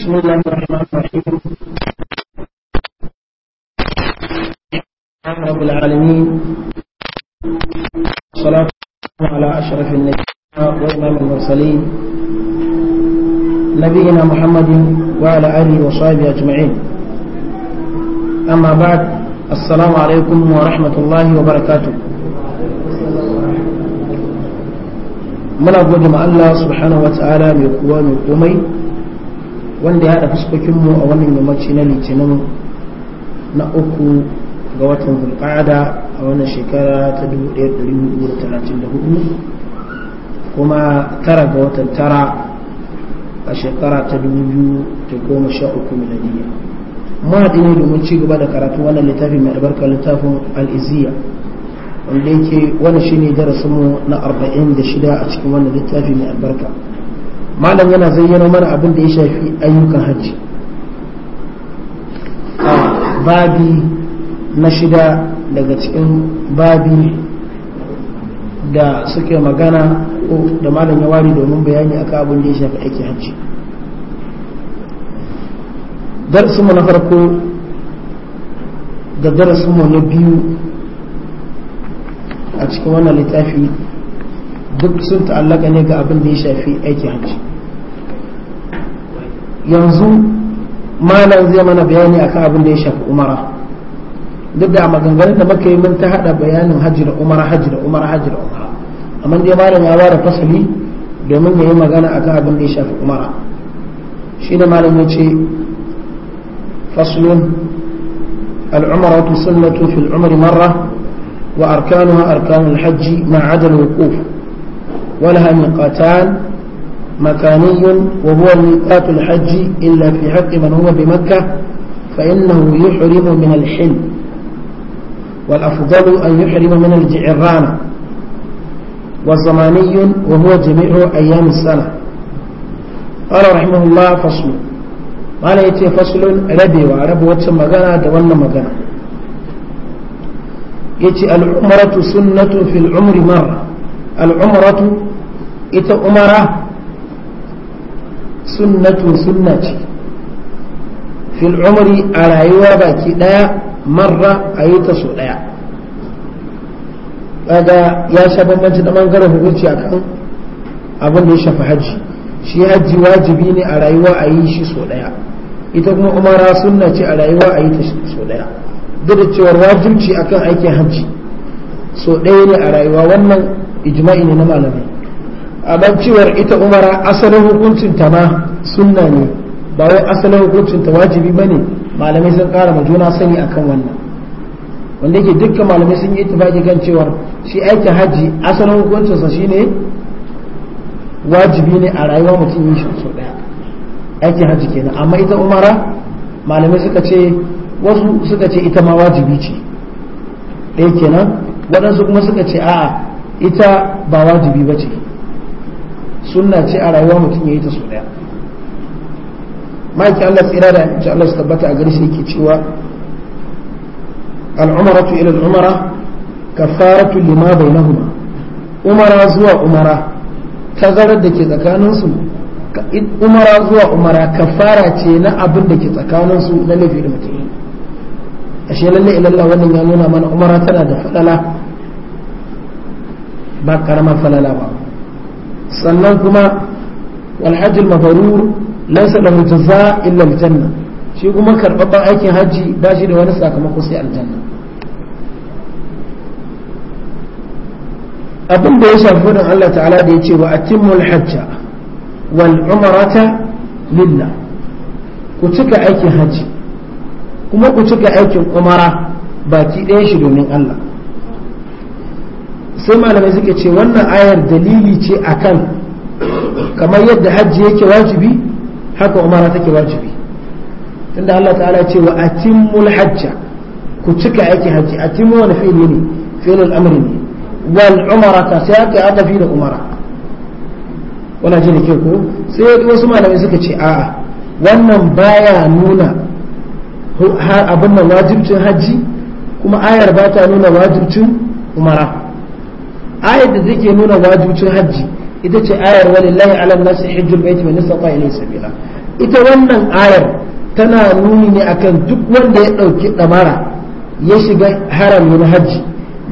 بسم الله الرحمن الرحيم رب العالمين صلاة على أشرف النبيين وإمام المرسلين نبينا محمد وعلى آله وصحبه أجمعين أما بعد السلام عليكم ورحمة الله وبركاته muna gode ma Allah subhanahu wata'ala mai kowa mai komai wanda ya haɗa fuskokinmu a wannan yammaci na litinin na uku ga watan hulƙada a wannan shekara ta 1434 kuma tara ga watan tara a shekara ta 2013 miladiyya mawaɗi ne domin ci gaba da karatu wannan littafi mai albarkar littafin al'iziya wanda yake wani shine darasinmu na 46 a cikin wannan littafi mai albarka malam yana zayyana mana abin da ya shafi ayyukan hajji a babi na shida daga cikin babi da suke magana ko da malam ya wari domin bayani akan abin da ya shafi aiki hajji darasinmu na farko da darasinmu na biyu a cikin wannan littafi duk sun ta'allaka ne ga abin da ya shafi aikin hajji yanzu malam zai mana bayani akan abin da ya shafi umara duk da maganganun da muka yi mun ta hada bayanin hajji da umara hajji da umara hajji da umara amma dai malam ya ware fasali domin ya yi magana akan abin da ya shafi umara shi da malam ya ce faslun العمرة سنة في marra wa arkanuha arkanul hajji ma'adal wuquf الوقوف ولها ميقاتان مكاني وهو ميقات الحج إلا في حق من هو بمكة فإنه يحرم من الحل والأفضل أن يحرم من الجعرانة وزماني وهو جميع أيام السنة قال رحمه الله فصل ما لا فصل ربي وعرب مغانا دولنا مغانا يتي العمرة سنة في العمر مرة العمرة إتى أمره sunnatu sunna ce fil umri a rayuwa baki daya marra a yi ta so daya kaga ya sha bambanci da bangaren hukunci a abin da ya shafi hajji shi hajji wajibi ne a rayuwa a shi so daya ita kuma umara sunna ce a rayuwa a ta so daya duk da cewar wajibci akan aikin hajji so ɗaya ne a rayuwa wannan ijma'i ne na malamai amma cewar ita umara asalin hukuncin ta ma sunna ne ba wai asalin hukuncin ta wajibi bane malamai sun kara ma juna sani akan wannan wanda yake dukkan malamai sun yi ittifaqi kan cewar shi aikin hajji asalin hukuncin sa shine wajibi ne a rayuwa mutum yi shi sau daya aikin hajji kenan amma ita umara malamai suka ce wasu suka ce ita ma wajibi ce ɗaya kenan waɗansu kuma suka ce a'a ita ba wajibi ba ce sunna ce a rayuwa mutum ya yi ta so daya maki Allah tsira da in Allah su tabbata a gari shi yake cewa umara ka fara tu lima huma umara zuwa umara tazarar da ke tsakaninsu umara zuwa umara ka fara ce na abin da ke tsakaninsu na laifi da mutum ashe lalle ilallah wannan ya nuna mana umara tana da falala ba karamar falala ba sannan kuma wal hajjul mabrur laysa lahu jazaa illa al shi kuma karɓaɓɓen aikin hajji ba shi da wani sakamako sai aljanna abin da ya shafi wurin Allah ta'ala da ya ce wa atimmul hajja wal umarata lilla ku cika aikin hajji kuma ku cika aikin umara baki ɗaya shi domin Allah sai malamai suke ce wannan ayar dalili ce akan kamar yadda hajji yake wajibi haka umara take wajibi tunda Allah ta'ala ce wa atimul hajja ku cika aiki hajji atimmu wani fi'li ne fi'lul amri ne wal umara ta sai aka fi da umara wala ji da ke ko sai wasu malamai suka ce a'a wannan baya nuna abin nan wajibcin hajji kuma ayar ba ta nuna wajibcin umara ayar da ke nuna wajibcin hajji ita ce ayar walillahi ala nasi hajjul baiti man istata ilayhi sabila ita wannan ayar tana nuni ne akan duk wanda ya dauki damara ya shiga haram na hajji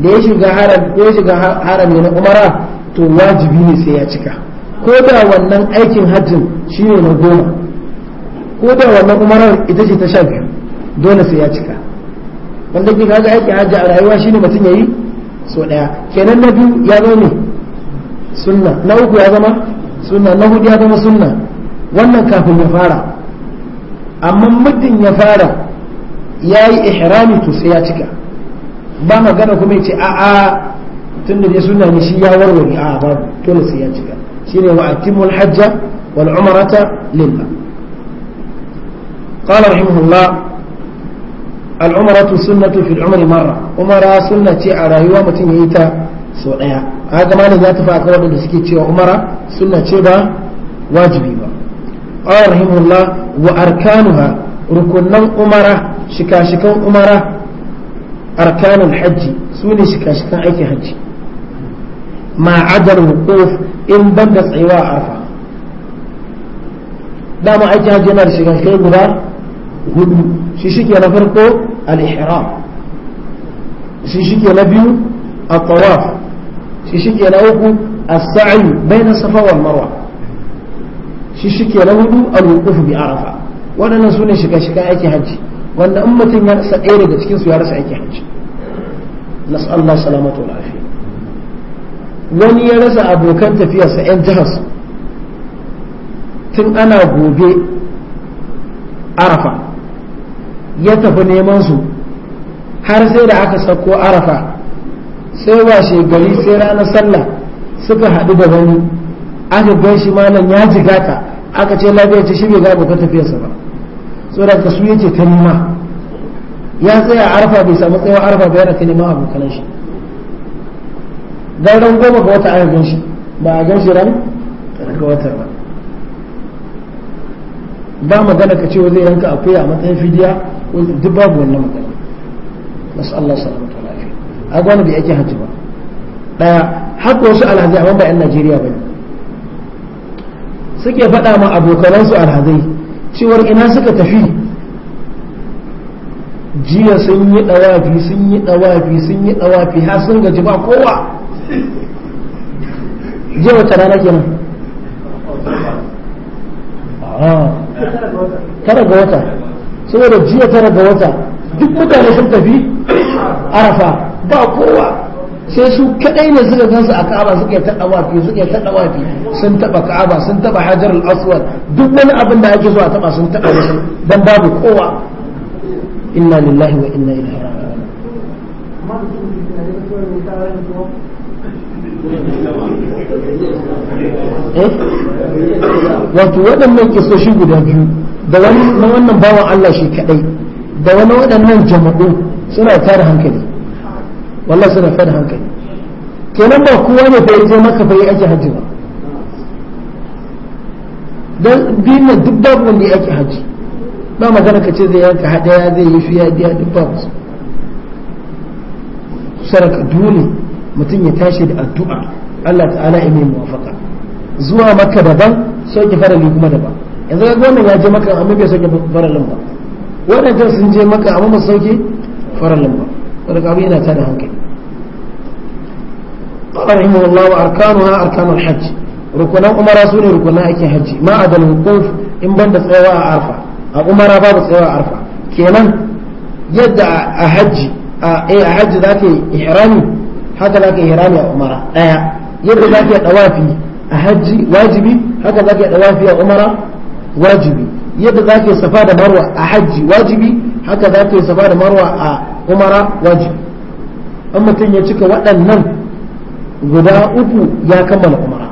da ya shiga haram ya shiga harami na umara to wajibi ne sai ya cika ko da wannan aikin hajjin shine na goma ko da wannan umarar ita ce ta sha biyu dole sai ya cika wanda ke ga aikin hajji a rayuwa shine mutum yayi so daya kenan na biyu ya zama ne sunna na uku ya zama sunna na hudu ya zama sunna wannan kafin ya fara amma muddin ya fara ya yi ihrami to sai ya cika ba magana kuma ya ce a'a tun da suna ne shi ya warware a'a ba dole sai ya cika shine wa atimul hajja wal umrata lillah qala rahimahullah al'umaratu sunnatu fil umri marra umara suna ce a rayuwa mutum yayi ta sau daya haka malam ya tafi akan wadanda suke cewa umara suna ce ba wajibi ba qala rahimullah wa arkanuha rukunan umara shikashikan umara arkanul hajji sune shikan aikin hajji ma adal wuquf in banda tsayuwa arfa dama aikin hajji yana da shikashikai guda hudu shi shike na farko al-ihram shi shike na biyu at-tawaf shi shike na uku a sai bai na wal marwa shi shike na hudu al-wuquf bi arafa waɗannan sune shika-shikan aiki hajji wanda in mutum ya rasa ɗaya daga cikinsu ya rasa aiki hajji nas'allah salamatu wal afiya wani ya rasa abokan tafiyarsa 'yan jihar tun ana gobe arafa ya tafi neman su har sai da aka sako arafa sai ba shekari sai ranar sallah suka haɗu da wani aka gan shi malam ya jigata aka ce lafiya ce shi bai ga abokan tafiyarsa ba saboda ka su ta nima ya tsaya arafa bai samu tsayawar arafa ba yana ta neman abokanan shi ran goma ga wata aka shi ba a gan shi ran ga wata ba ba magana ka ce zai yanka akuya a matsayin fidiya wanda duk babu wannan magana nasu Allah salamu ta lafiya a gwamna bai yake hajji ba daya haka wasu alhazai amma ba 'yan Najeriya ba ne suke faɗa ma abokanansu alhazai cewar ina suka tafi jiya sun yi ɗawafi sun yi ɗawafi sun yi ɗawafi har sun gaji ba kowa jiya wata rana kenan tara ga wata saboda jiya tara ga wata duk mutane sun tafi arafa ba kowa sai su kadai ne suka gansu a ka'aba suka yi taɓa wafi suka yi taɓa wafi sun taɓa ka'aba sun taɓa hajar al-aswad duk wani abin da ake so a sun taɓa shi dan babu kowa inna lillahi wa inna ilaihi raji'un eh? wato waɗannan kisoshi guda biyu da wannan bawan Allah shi kadai da wani waɗannan jama'u suna tara hankali wallahi suna tara hankali kenan ba kowa ne fa je maka fa ake haji ba dan bin duk babu wanda ake haji ba magana ka ce zai yanka haɗaya zai yi fiya biya duk babu saraka dole mutum ya tashi da addu'a Allah ta'ala ya mai muwafaka zuwa maka daban sauke farali kuma daban yanzu ga wannan ya je maka amma bai sauke farallin ba waɗancan sun je maka amma ba sauke farallin ba wanda kabi yana tada hankali قال رحمه الله وأركانها أركان الحج ركنا أمرا سوني ركنا أكي حج ما عدا الوقوف إن بند سواء عرفة أمرا باب سواء عرفة كينا يدعى أحج أي أحج ذاك إحرامي هذا ذاك إحرامي أمرا أيا يدعى ذاك أوافي أحج واجبي هذا ذاك أوافي أمرا wajibi yadda za ka yi safa da marwa a hajji wajibi haka za ka yi safa da marwa a umara wajibi in mutum ya cika waɗannan guda uku ya kammala umara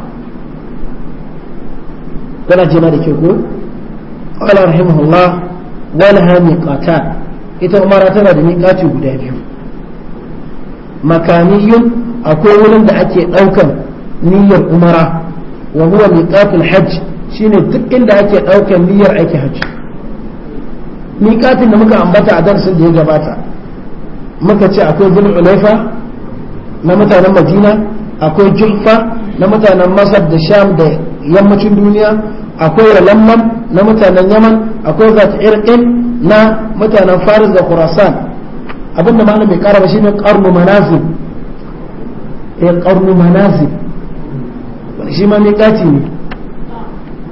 kana jina da ke ko qala rahimahullah walaha miqatan ita umara tana da miqati guda biyu makaniyun akwai wurin da ake ɗaukan niyyar umara wa huwa miqatul hajj shine duk inda ake ɗaukar niyyar aiki hajji miƙatin da muka ambata a darasin da ya gabata muka ce akwai bin ulaifa na mutanen madina akwai jufa na mutanen masar da sham da yammacin duniya akwai ralamman na mutanen yaman akwai zata irkin na mutanen faris da khurasan abinda malam mai kara shine karnu manazil eh karnu manazil shi ma miƙati ne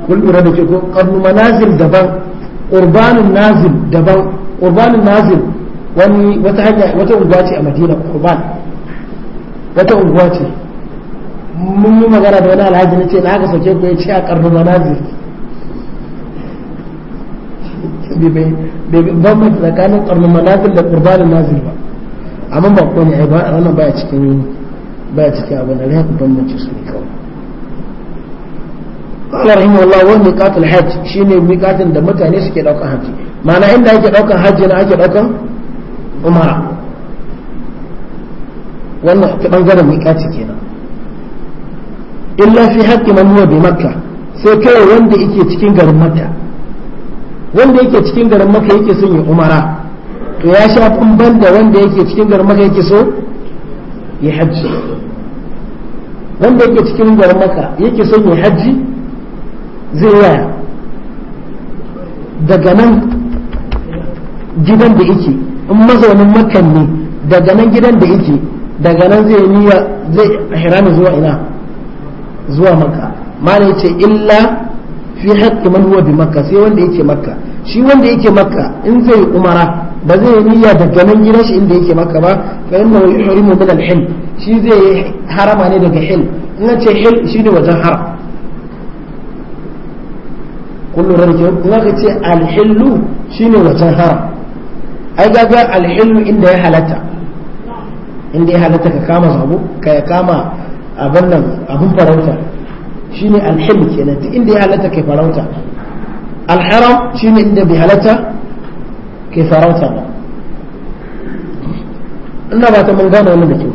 kun lura da ke ko karnu manazil daban urbanin nazil daban urbanin nazil wani wata hanya wata unguwa ce a madina urban wata unguwa ce mun yi magana da wani alhaji na ce na haka sauke ku ya ce a karnu manazil bai bambanta tsakanin karnu manazil da urbanin nazil ba amma ba kowane ai ba wannan baya cikin baya cikin abin da haka bambance su ne kawai qala rahimahullah wa hajj da mutane suke daukan haji ma'ana inda ake na ake umara wannan ta kenan illa fi man huwa bi sai wanda yake cikin garin makka wanda yake cikin garin makka yake son ya umara to ya sha da wanda yake cikin garin makka yake so ya hajji wanda yake son ya hajji zai waya daga nan gidan da yake in mazaunin makan ne daga nan gidan da yake daga nan zai niyya zai hirami zuwa ina zuwa makka mana yace illa fi haqqi man huwa bi makka sai wanda yake makka shi wanda yake makka in zai umara ba zai niyya daga nan gidan shi inda yake makka ba fa inna yuhrimu min al-hil shi zai harama ne daga hil in ce hil shi ne wajen haram kun lura da kyau kuma ka ce alhillu shine wancan haram ai gaga alhillu inda ya halatta inda ya halatta ka kama zabo ka kama abin nan abin farauta shine alhillu kenan duk inda ya halatta kai farauta alharam shine inda bai halatta kai farauta ba ina ba ta mun gane wannan da kyau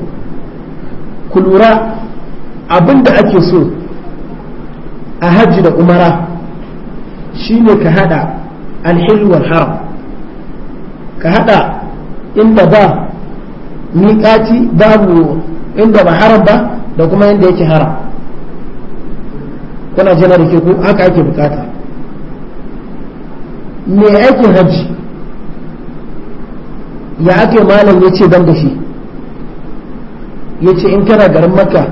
ku lura abin da ake so a hajji da umara Shi ne ka haɗa alhil wal haram ka hada inda ba miƙaci babu inda ba haram ba da kuma inda yake haram kuna jana da ke ko haka ake bukata me aikin hajji ya ake malam ya ce ban da shi ya ce in kana garin Makka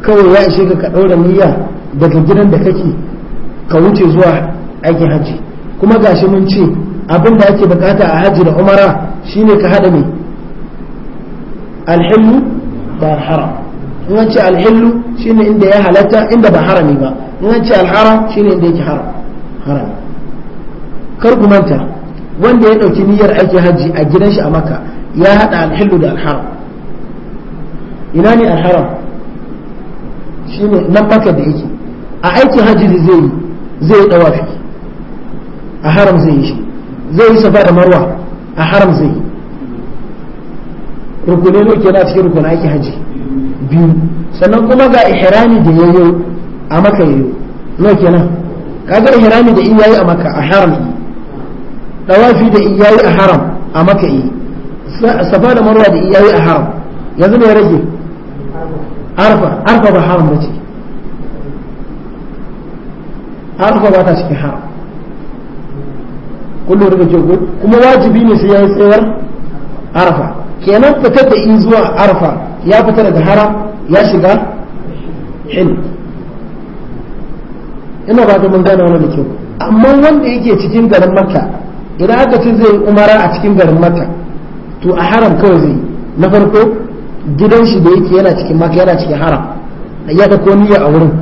kawai ya ishe ka ka ɗaura niyya daga gidan da kake ka wuce zuwa aikin haji kuma gashi mun ce abin da ake bukata a hajji da umara shine ka hada mai alhillu da alharam in an ce alhillu shine inda ya halatta inda ba harami ba in an ce alharam shine inda yake haram haram kar ku manta wanda ya dauki niyyar aikin haji a gidan shi a maka ya hada alhillu da alharam ina ne alharam shine nan maka da yake a aikin hajji zai yi zai yi dawafi a haram zai yi shi zai yi safa da marwa a haram zai yi rukunai ne ke na cikin rukunai ake haji biyu sannan kuma ga ihrami da yayo a maka yayo no kenan kaga ihrami da iyayi a maka a haram dawafi da iyayi a haram a maka yi safa da marwa da iyayi a haram yanzu ne rage arfa arfa ba haram ce arfa ba ta cikin haram kullum da ke kuma wajibi ne sai ya yi tsayawar arafa kenan fitar da in zuwa arafa ya fita daga haram ya shiga hin ina ba ta mun na wannan da kyau amma wanda yake cikin garin makka idan aka ce zai umara a cikin garin makka to a haram kawai zai na farko gidan shi da yake yana cikin makka yana cikin haram ya da koniya a wurin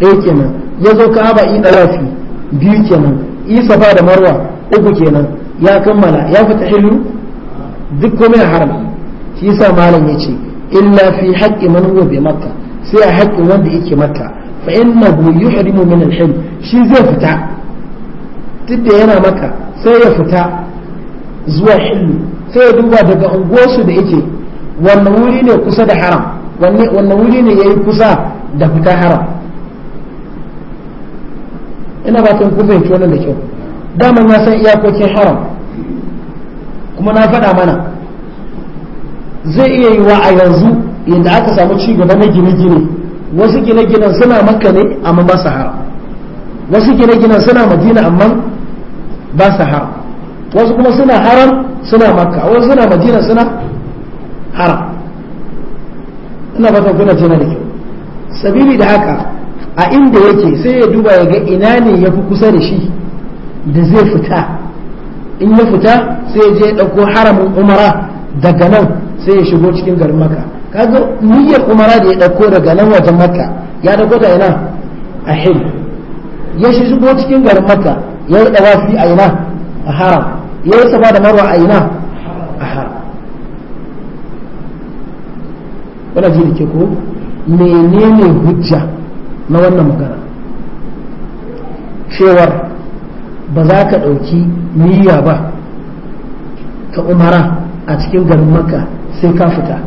ɗaya kenan ya zo ka'aba yi ɗarafi biyu kenan isa ba da marwa uku kenan ya kammala ya fita ilu duk komai haram shi yasa malam yace illa fi haqqi man huwa bi makka sai a haƙƙin wanda yake makka fa innahu yuhrimu min al-hilm shi zai fita tunda yana maka sai ya fita zuwa hillu sai ya duba daga unguwarsu da yake wannan wuri ne kusa da haram wannan wuri ne yayi kusa da fita haram ina ba kun fahimci wannan da kyau daman ya san iyakokin haram kuma na faɗa mana zai iya yi wa a yanzu yadda aka samu ci gaba na gine-gine wasu gine-ginen suna makka ne amma ba su haram wasu gine-ginen suna madina amma ba su haram wasu kuma suna haram suna makka wasu suna madina suna haram ina fatan kuna jina da kyau sabili da haka a inda yake sai ya duba ya ga ina ne ya fi kusa da shi da zai fita in ya fita sai ya je ya ɗauko haramin umara daga nan sai ya shigo cikin garin maka kaga niyyar umara da ya ɗauko daga nan wajen maka ya ɗauko ta ina a hil ya shigo cikin garin maka ya yi ɗawafi a ina a haram ya yi saba da marwa a ina a haram wani ji da ke ko menene hujja na wannan magana cewar ba za ka ɗauki niyya ba ka umara a cikin garin maka sai ka fita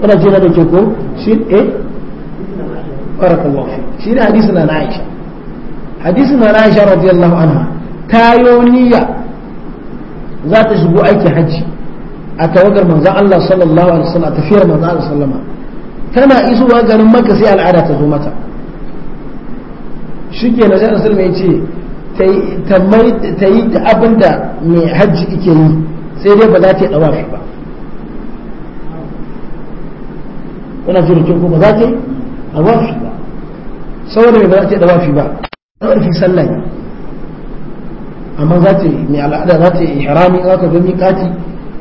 wadda ce na da ke ko shi eh barakallahu fi shi ne hadisi na Aisha hadisi na Aisha radiyallahu anha ta yi niyya za ta shigo aikin hajji a tawagar manzan Allah sallallahu alaihi wasallam tafiyar manzan Allah sallama tana isowa garin maka sai al'ada ta zo mata shike na sai Rasul mai ce ta yi da abin da mai hajji ke yi sai dai ba za ta yi ɗawa shi ba kuna jira kin ba za ta yi ɗawa shi ba saboda ba za ta yi ɗawa shi ba ɗawa fi sallah amma za ta yi mai al'ada za ta yi harami za ta zo kati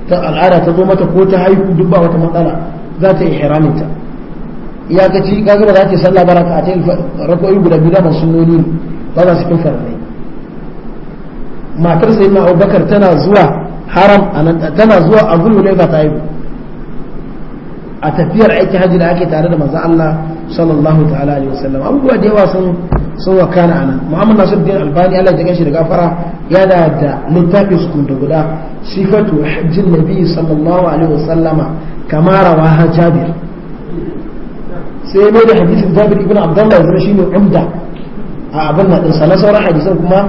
ta al'ada ta zo mata ko ta haihu duk ba wata matsala za ta yi haramin ta iyakaci kaga ba za ta yi sallah ba za ta yi rako'i guda biyu da masu noni ba za su kin farfai matar ma abubakar tana zuwa haram tana zuwa a abu hulaifa ta haihu a tafiyar aiki hajji da ake tare da maza Allah sallallahu ta'ala alaihi wasallam abubuwa da yawa sun sun wakana ana muhammad nasiruddin albani Allah ya gaishe da gafara yana da littafi su da guda sifatu hajjin nabi sallallahu alaihi wasallama kama rawaha jabir sai mai da hadisin jabir ibn abdullah zama shine umda a abin nan din sauran hadisan kuma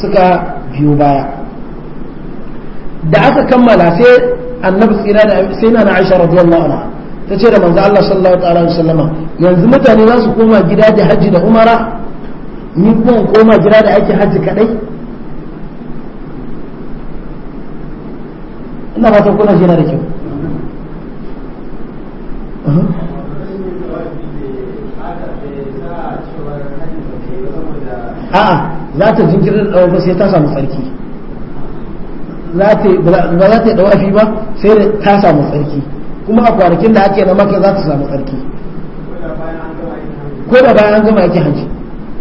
suka biyu baya da aka kammala sai annabi tsira da sai na Aisha radiyallahu anha ta ce da manzo Allah sallallahu ta'ala alaihi wasallama yanzu mutane za su koma gida da haji da umara ni kuma koma gida da ake haji kadai ina ba ta kuna jina da kyau a'a za ta jinkirin da ba sai ta samu tsarki ba za ta yi dawafi ba sai ta samu tsarki kuma a kwanakin da ake na maka za ta samu tsarki ko da bayan an gama yake hajji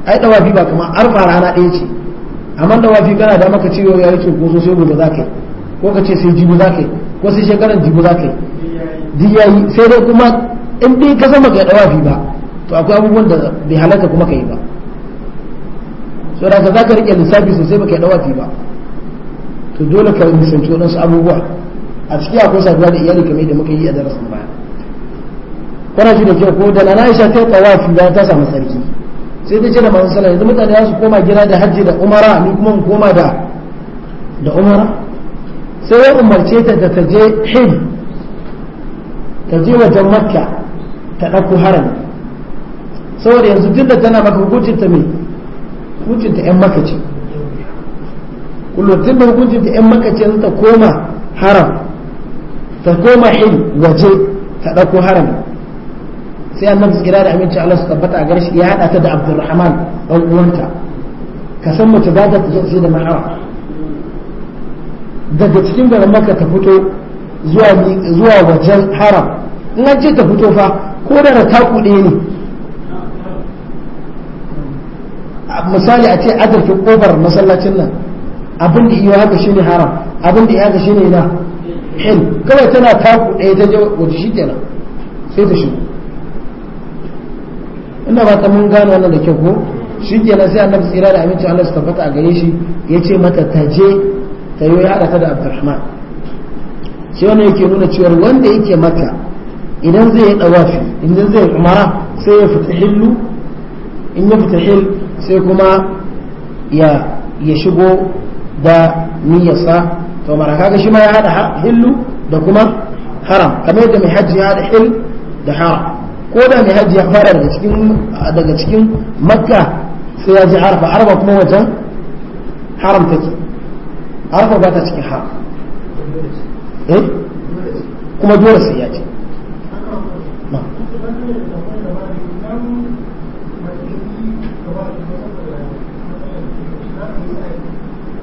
ai dawafi ba kamar arfa rana ɗaya ce amma dawafi kana da maka cewa ya yi ko sai gobe za ka yi ko ka ce sai jibi za ka yi ko sai shekaran jibi za ka yi duk yi sai dai kuma in dai ka zama ka dawafi ba to akwai abubuwan da bai halarta kuma ka yi ba so da za ka rike lissafi sosai baka dawafi ba to dole ka nisanci wadansu abubuwa a ciki akwai saduwa da iyali kamar da muka yi a darasin baya kana shi da kyau ko da na Aisha ta tawafi da ta samu sarki sai ta ce da masu sallallahu yanzu mutane za su koma gida da hajji da umara ni kuma mu koma da da umara sai ya umarce ta da ta je hin ta je wajen makka ta ɗauko haram saboda yanzu duk da tana maka hukuncin ta me hukuncinta yan makacin kullum hukuncinta yan makacin ta koma haram ta koma hin waje ta ɗauko haram sai annabi tsira da aminci Allah su tabbata a garshi ya haɗa ta da Abdulrahman ɗan uwanta ka san mace ba ta tafi da mahara daga cikin garin maka ta fito zuwa wajen haram in an ce ta fito fa ko da ta kuɗe ne misali a ce adarki kobar masallacin nan abin da iya haka shine haram abin da iya haka shine na hin kawai tana taku ɗaya ta je waje shi kenan sai ta shigo Inda ba ta mun gano wannan da kyau ko shi kenan sai annabi tsira da aminci Allah su tabbata a gare shi ya ce mata ta je ta yi haɗa ta da Abdurrahman shi wannan yake nuna cewa wanda yake mata idan zai yi dawafi idan zai umara sai ya fita hillu in ya fita il sai kuma ya shigo da niyyarsa to mara kaga shi ma ya hada hillu da kuma haram kamar yadda mai hajji ya haɗa hil da haram ko da mai hajji ya fara daga cikin daga cikin makka sai ya je arfa arfa kuma wajen haram take arfa ba ta cikin haram eh kuma dole sai ya ce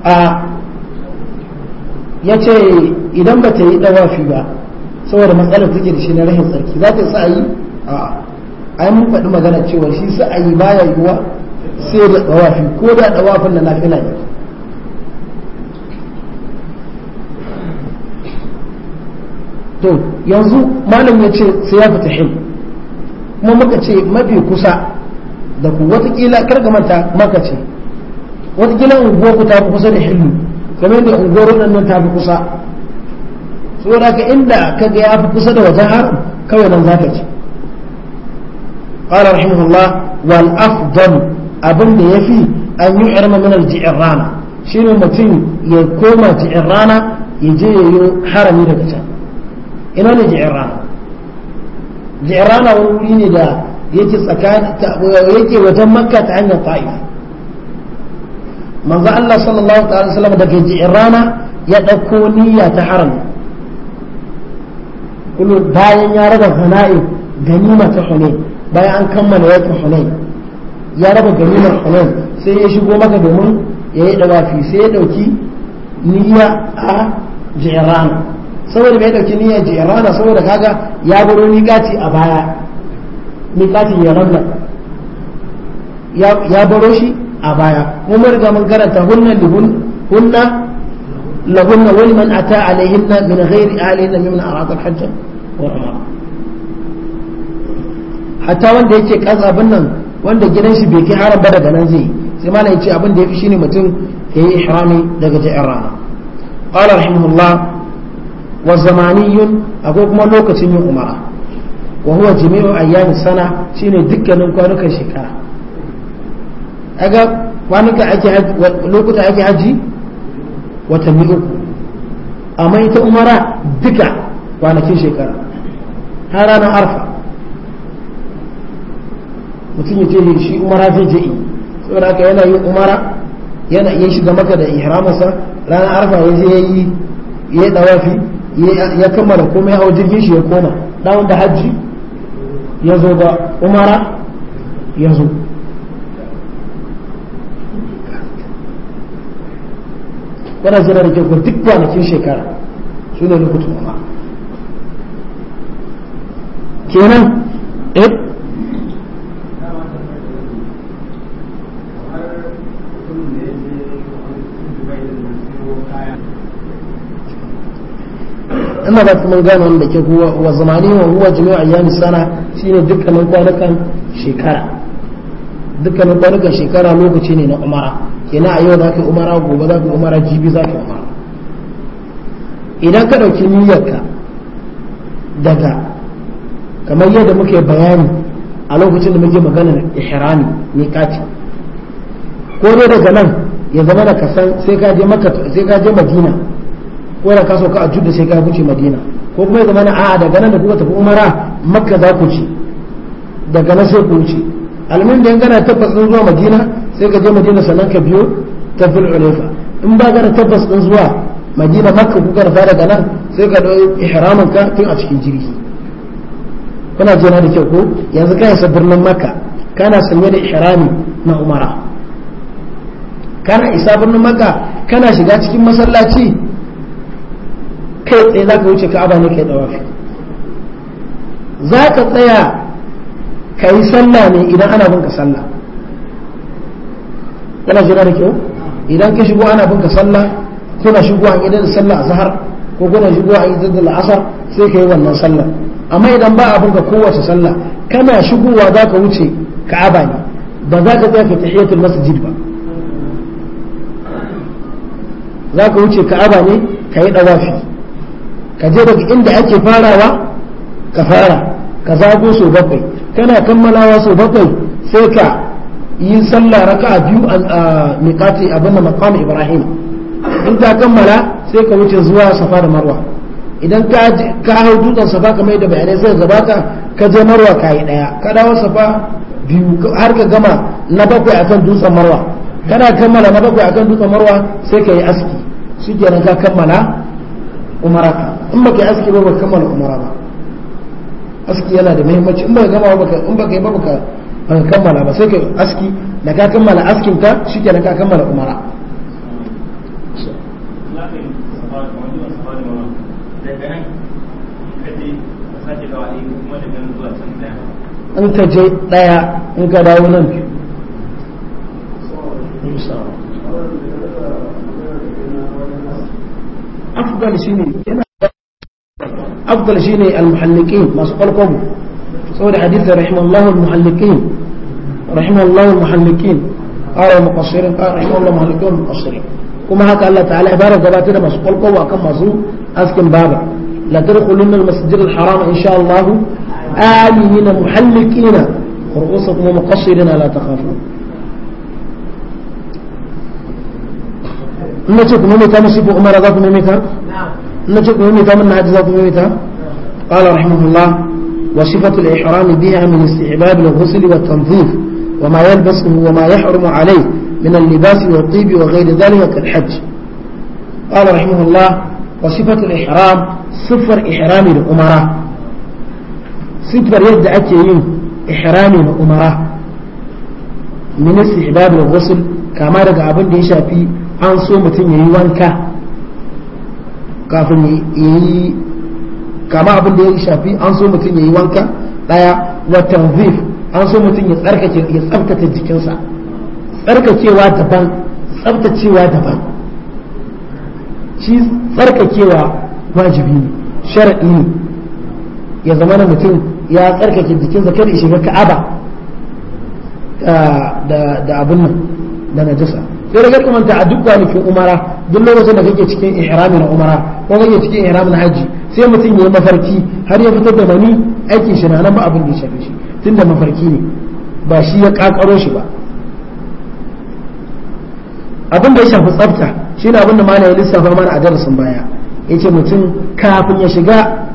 a ya ce idan ba ta yi dawafi ba saboda matsalar take shi na rahin tsarki za ta sa'ayi a ayi mun faɗi magana cewa shi sa'ayi baya yiwa sai da dawafi ko da dawafin na nafila ne to yanzu malam ya ce sai ya fita hin kuma muka ce mafi kusa da ku watakila karga manta maka ce watakila unguwar ku tafi kusa da hindu kamar yadda unguwar wannan tafi kusa saboda ka inda ka ga ya fi kusa da wata haram kawai nan za ka ci ƙara rahimu Allah wal afdan abin ya fi an yi irma min al ji'in rana shi ne mutum ya koma ji'in rana ya je ya yi harami daga can ina ne ji'in rana ji'in rana wuri ne da yake tsakanin yake wajen makka ta hanyar ta'ifa manzo Allah sallallahu alaihi wasallam gaji rana ya dauko niyya ta haram kullu bayan ya raba hana'i ganima ta hune bayan an kammala ya ta hune ya raba ganimar hune sai ya shigo maka domin ya yi dawafi sai ya dauki niyya a jiran saboda bai dauki niyya jiran saboda kaga ya baro miƙati a baya miƙatin ya ranar ya baro shi a baya mun riga mun karanta hunna lihun hunna لهن ولمن أتى عليهن من غير أهلهن ممن أراد الحج والعمرة حتى wanda yake kaza abin nan wanda gidan shi bai kai haram ba daga nan zai sai malai yace abin da yafi shine mutum yayi ihrami daga ja'in rana qala rahimahullah wa zamaniyun akwai kuma lokacin yin umara wa huwa jami'u ayyamis sana shine dukkanin kwanukan shekara kaga kwanuka ake lokuta ake haji watanni uku amma ita umara duka kwanakin shekara har ranar arfa mutum ya ce shi umara zai je yi saboda haka yana yin umara yana iya shiga maka da ihramansa ranar arfa ya je yi ya dawafi ya kammala komai a jirgin shi ya koma dawon da hajji ya zo ba umara ya zo yana zira da kyau duk kwanakin shekara su ne lokutan noma kenan eh ina ba kuma gano wanda ke huwa zamani wa huwa jami'a ayyami sana shine dukkanin kwanakan shekara dukkanin kwanukan shekara lokaci ne na umara kenan a yau za ka umara gobe za ka umara jibi za ka umara idan ka ɗauki niyyarka daga kamar yadda muke bayani a lokacin da muke maganar ihrami kati ko dai daga nan ya zama da kasan sai ka je maka sai ka je madina ko da ka sauka a judda sai ka wuce madina ko kuma ya zama na a'a daga nan da kuka tafi umara makka za ku ci daga nan sai ku wuce almin da kana tabbas din zuwa madina sai ka je madina sannan ka biyo ta fil in ba ka tabbas din zuwa madina makka ku karfa daga nan sai ka dau ihramin ka tun a cikin jirgi kuna jira da kyau ko yanzu ka isa birnin makka kana sanye da ihrami na umara kana isa birnin makka kana shiga cikin masallaci kai tsaye zaka wuce ka'aba ne kai dawafi za ka tsaya ka yi sallah ne idan ana bin ka sallah yana jira da kyau idan ka shigo ana bin ka sallah kuna shigo an idan da sallah a zahar ko kuna shigo an idan da la'asar sai ka yi wannan sallah amma idan ba abin ka kowace sallah kana shigowa za ka wuce ka'aba ne ba za ka tsaya ka tahiyatul masjid ba za ka wuce ka'aba ne ka yi dawafi ka je daga inda ake farawa ka fara ka zago so bakwai kana kammalawa sau bakwai sai ka yi sallah a biyu a miƙati abin da maqam ibrahim in ta kammala sai ka wuce zuwa safa da marwa idan ka hau dutsen safa kamar da bayanai zai gabata ka je marwa ka yi ɗaya ka dawo safa biyu har ka gama na bakwai akan dutsen marwa kana kammala na bakwai akan dutsen marwa sai ka yi aski shi kenan ka kammala umaraka in baka yi aski ba ba kammala umara ba aski yana da muhimmanci in baka gama baka in baka yi baka baka kammala ba sai ka aski da ka kammala askin ka shikenan ka kammala umara in ka je daya in ka dawo nan biyu afghan yana أفضل شيء المحلقين ما سقول قبو سؤال حديث رحم الله المحلقين رحم الله المحلقين قال المقصرين قال رحم الله المحلقين المقصرين كما هكا الله تعالى عبارة قباتنا ما سقول قبو أكم مصور أسكن بابا لا تدخلن المسجد الحرام إن شاء الله آمنين محلقين رؤوسكم ومقصرين لا تخافون ما تكون متى نسيب عمر ذاك من na ce ku yi mita mun hajji za ku yi mita qala rahimahullah wa sifatu al-ihram biha min isti'bab al-ghusl wa tanzif wa ma yalbasuhu wa ma yahrumu alayhi min al-libas wa at-tib wa ghayr dhalika kal-hajj qala rahimahullah wa sifatu al-ihram sifar da umara sifar yadda ake yin ihrami da umara min isti'bab kama daga abin da ya shafi an so mutum yayi wanka kafin ya yi kama abin da ya shafi an so mutum ya yi wanka daya watan zif an so mutum ya tsarkake ya tsabtace jikinsa tsarkakewa daban tsabtacewa daban shi tsarkakewa wajibi ne shar'i ne ya zama na mutum ya tsarkake jikinsa kada ya shiga ka'aba ah, da abin nan da najasa sai ya kuma a duk kwanakin umara duk lokacin da kake cikin ihrami na umara ko kake cikin ihrami na haji sai mutum ya mafarki har ya fitar da mani aikin shi na nan ba abin da ya shafe shi tunda mafarki ne ba shi ya kakaro shi ba abin da ya shafi tsafta shi ne abin da mana ya lissafa mana a darasin baya ya ce mutum kafin ya shiga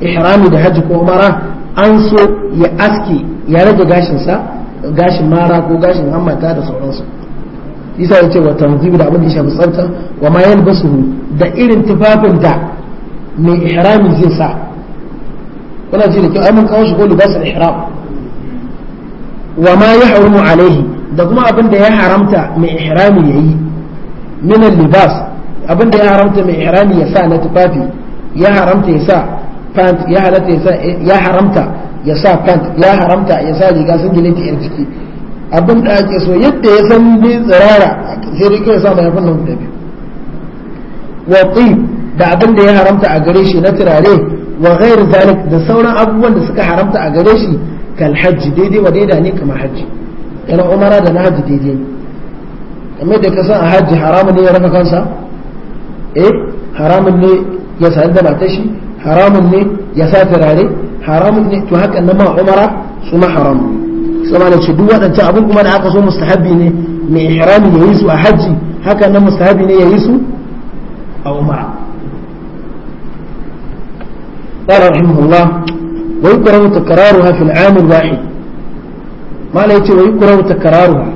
ihrami da haji ko umara an so ya aske ya rage gashinsa gashin mara ko gashin hammata da sauransu isa ya ce wa tanzibi da abin da ya shafi tsafta wa ma yalbasuhu da irin tufafin da mai ihrami zai sa kuna ji da kyau ai mun kawo shi ko libasul ihram wa ma yahrumu alaihi da kuma abinda ya haramta mai ihrami yi min libas abinda ya haramta mai ihrami ya sa na tufafi ya haramta ya sa pant ya haramta ya sa pant ya haramta ya sa riga sun gine ta yar jiki abin da ake so yadda ya san bi tsirara sai dai kai sa mai abin nan da biyu wa tib da abin da ya haramta a gare shi na turare wa ghair zalik da sauran abubuwan da suka haramta a gare shi kal hajji daidai wa daida ne kamar hajji kana umara da na hajji daidai kamar da ka san a hajji haramun ne ya raka kansa eh haramun ne ya sa da matar shi haramun ne ya sa turare haramun ne to haka na ma umara su ma haramun sama da ce duk waɗancan abin kuma da aka so mustahabi ne mai ihrami ya yi su a hajji haka nan mustahabi ne ya yi su a umara قال رحمه الله ويكره تكرارها في العام الواحد ما لا يتي ويكره تكرارها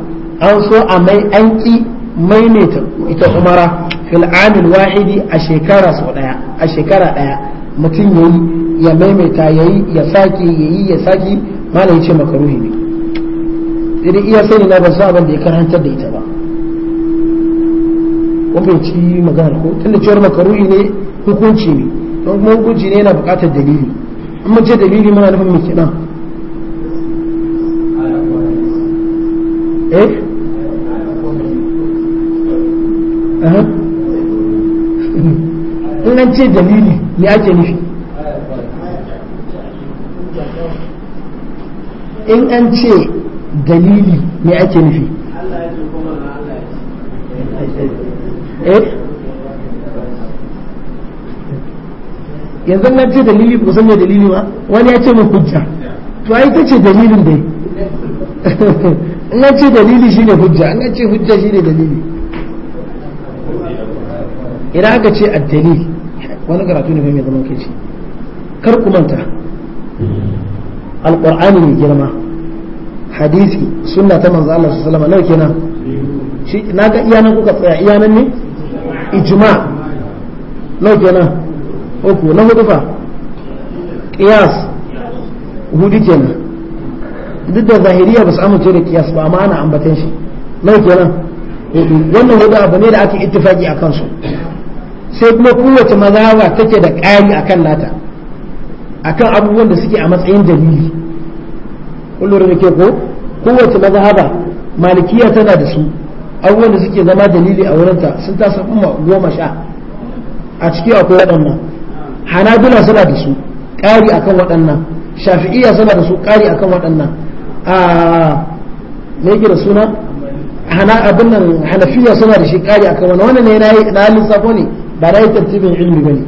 أو سوء مي أنكي مينيت إتأمرة في العام الواحد أشكارة سوداء أشكارة دايا متين يي يا ميميتا يي يا ساكي يي يا ساكي ما لا يتي مكروه sai iya sani na ba san abin da ya karantar da ita ba ko bai ci magana ko tunda cewar makaruri ne hukunci ne don kuma hukunci ne yana buƙatar dalili amma mun ce dalili mana nufin mai kenan eh in an ce dalili me ake nufi in an ce dalili me ake nufi eh? yanzu na ce dalili ba sanya dalili ba wani ya ce min hujja to ai ta ce dalilin dai na ce dalili shine hujja na ce hujja shine dalili idan aka ce addalil wani karatu ne mai zaman kai ce kar ku manta Alƙur'ani ne girma hadisi sunna ta manzo Allah sallallahu alaihi wasallam nawa kenan na ga iyanan kuka tsaya iyanan ne ijma nawa kenan uku na hudu fa qiyas hudu kenan duk da zahiriya ba su amince da qiyas ba amma ana ambatan shi nawa kenan wannan hudu abu ne da ake ittifaki a kansu sai kuma kowace mazhaba take da ƙari akan nata akan abubuwan da suke a matsayin dalili kullum da ke ko kowace mazhaba malikiya tana da su abubuwan da suke zama dalili a wurinta sun tasa umma goma sha a ciki akwai waɗannan hanabila suna da su ƙari akan waɗannan shafi'iyya suna da su ƙari akan waɗannan a me yake da suna hana abin nan hanafiya suna da shi ƙari akan wannan wannan ne na yi lissafo ne ba na yi tartibin ilmi ba ne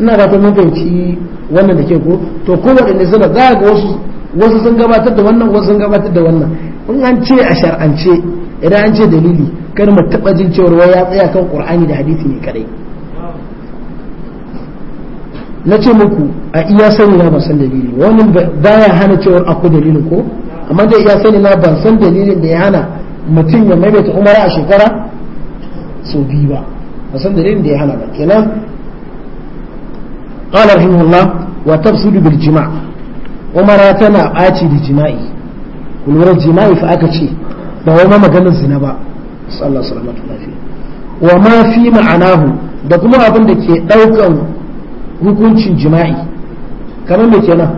ina ta mun fahimci wannan da ke ko to waɗanne suna za ga wasu wasu sun gabatar da wannan wasu sun gabatar da wannan in an ce a shar'ance idan an ce dalili kar mu taɓa jin cewar wai ya tsaya kan qur'ani da hadisi ne kadai na ce muku a iya sani na ban san dalili wannan baya hana cewa akwai dalili ko amma da iya sani na ban san dalilin da ya hana mutum ya maimaita umara a shekara sau biyu ba ban san dalilin da ya hana ba kenan قال رحمه الله وتفسد بالجماع umara tana ɓaci da jima'i kulura jima'i fa aka ce ba wai ma maganar zina ba sallallahu salamatu lafiya wa ma fi ma'anahu da kuma abin da ke daukan hukuncin jima'i kamar me kenan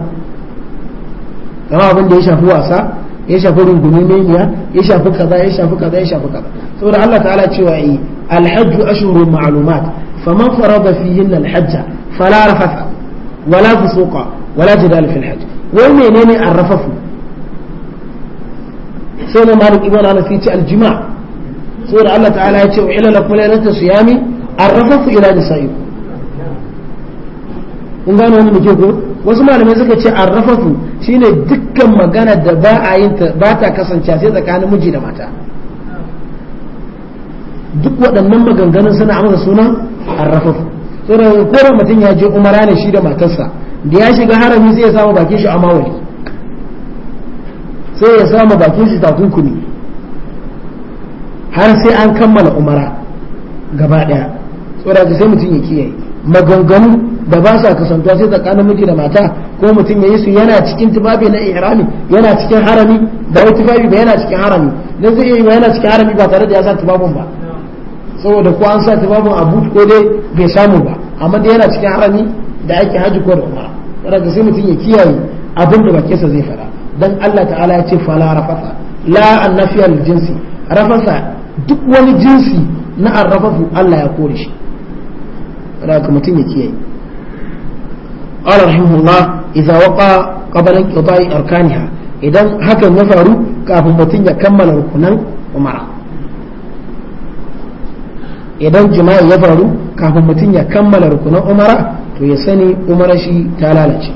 kamar abin da ya shafi wasa ya shafi rungumi meniya ya shafi kaza ya shafi kaza ya shafi kaza saboda Allah ta'ala cewa yi alhajju ashhurun ma'lumat faman farada fihin alhajja fala rafatha wala fusuqa wala jidal fil hajj wai menene arrafafu sai na malik ibn anas ci aljima da Allah ta'ala ya ce wa ila lakum laylatu siyami arrafafu ila nisaikum kun gano wani muke ko wasu malamai suka ce arrafafu shine dukkan magana da ba a yin ta ba ta kasance sai tsakanin miji da mata duk waɗannan maganganun suna amsa sunan arrafafu saboda ko mutum ya je umara ne shi da matarsa da ya shiga harami sai ya samu bakin shi a mawali sai ya samu bakin shi takunkumi har sai an kammala umara gaba daya tsoraci sai mutum ya kiyaye maganganu da ba sa kasantuwa sai tsakanin miji da mata ko mutum ya yi su yana cikin tufafi na ihrami yana cikin harami da wai tufafi ba yana cikin harami dan zai iya yana cikin harami ba tare da ya sa tufafin ba saboda ko an sa tufafin a but ko dai bai samu ba amma dai yana cikin harami da ake haji ko da umara daga sai mutum ya kiyaye abin da bakinsa zai fara dan Allah ta'ala ya ce fala rafasa la annafiyal jinsi rafasa duk wani jinsi na arrafafu Allah ya kore shi daga mutum ya kiyaye Allah rahimahullah رحمه الله إذا وقع arkaniha idan hakan ya faru kafin mutum ya kammala rukunan ومعه idan jima'i ya faru kafin mutum ya kammala rukunan umara to ya sani umara shi ta lalace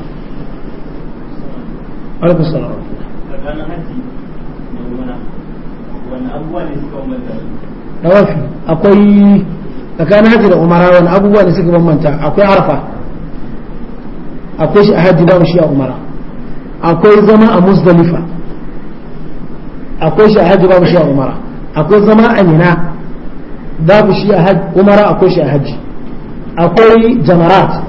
akwai tsakanin haji da umara wani abubuwa ne suka bambanta akwai arfa akwai shi a hajji babu shi a umara akwai zama a musdalifa akwai shi a hajji babu shi a umara akwai zama a nina babu shi a hajji umara akwai shi a hajji akwai jamarat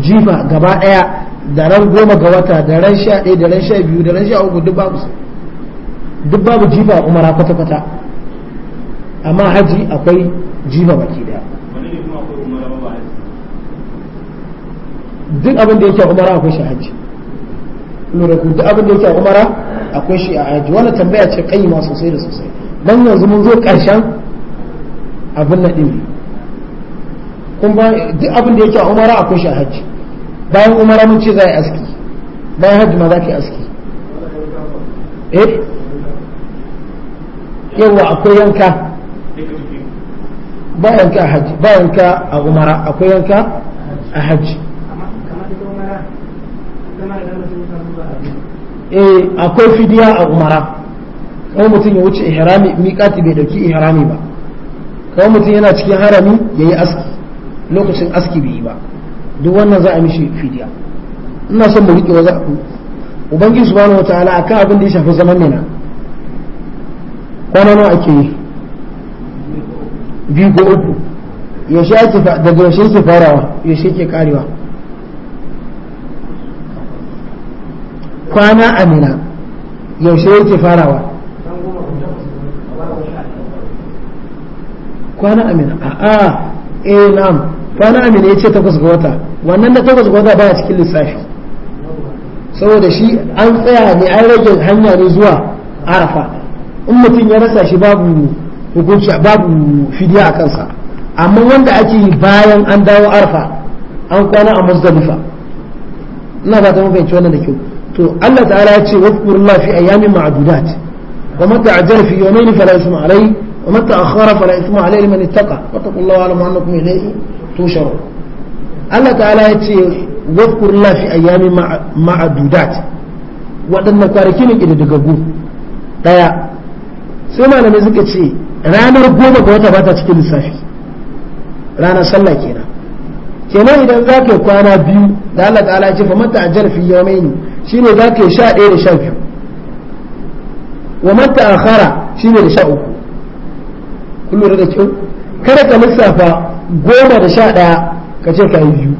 jifa gaba daya da ran goma ga wata da ran sha ɗaya da ran sha biyu da ran sha uku duk babu duk babu jifa a umara kwata kwata amma hajji akwai jifa baki daya duk abin da yake a umara akwai shi a hajji lura ku duk abin da yake a umara akwai shi a hajji wannan tambaya ce kai ma sosai da sosai dan yanzu mun zo karshen abin na ɗin kuma duk abin da yake a umara akwai shi a hajji bayan umara mun ce za a yi aski bayan hajji ma za ka yi aski eh yawa akwai yanka ba yanka a hajji ba yanka a umara akwai yanka a hajji eh akwai fidiya a umara wani mutum ya wuce ihrami miƙati bai dauki ihrami ba kawai mutum yana cikin harami ya yi aski lokacin aski bai yi ba duk wannan za a mishi fidiya ina son mu riƙe wa za ku bani wata wataala akan abin da ya shafi zaman mina kwana nawa ake yi biyu ko uku yaushe ake daga yaushe ke farawa yaushe ke karewa kwana amina yaushe yake farawa kwana amina a'a eh na'am kwana amina yace takwas ga wata wannan da takwas ga wata baya cikin lissafi saboda shi an tsaya ne an rage hanya ne zuwa arafa in mutum ya rasa shi babu hukunci babu fidiya a kansa amma wanda ake yi bayan an dawo arafa an kwana a muzdalifa ina ba ta mun wannan da kyau to Allah ta'ala ya ce wafkurullah fi ayyamin ma'dudat wa mata ajal fi yawmayn fala yusma alai ومن تأخر فلا إثم عليه لمن اتقى واتقوا الله أعلم أنكم إليه تشرون الله تعالى يتي واذكر الله في أيام معدودات waɗanda kwanaki ne ƙididdigaggu ɗaya sai malamai suka ce ranar goma ga wata bata cikin lissafi ranar sallah kenan kenan idan za kwana biyu da Allah ta'ala ce faman ta'ajjal fi yawmaini shine za ka sha ɗaya da sha biyu wa shine da sha uku kun lura da kyau kada ka lissafa goma da sha ɗaya ka ce ka yi biyu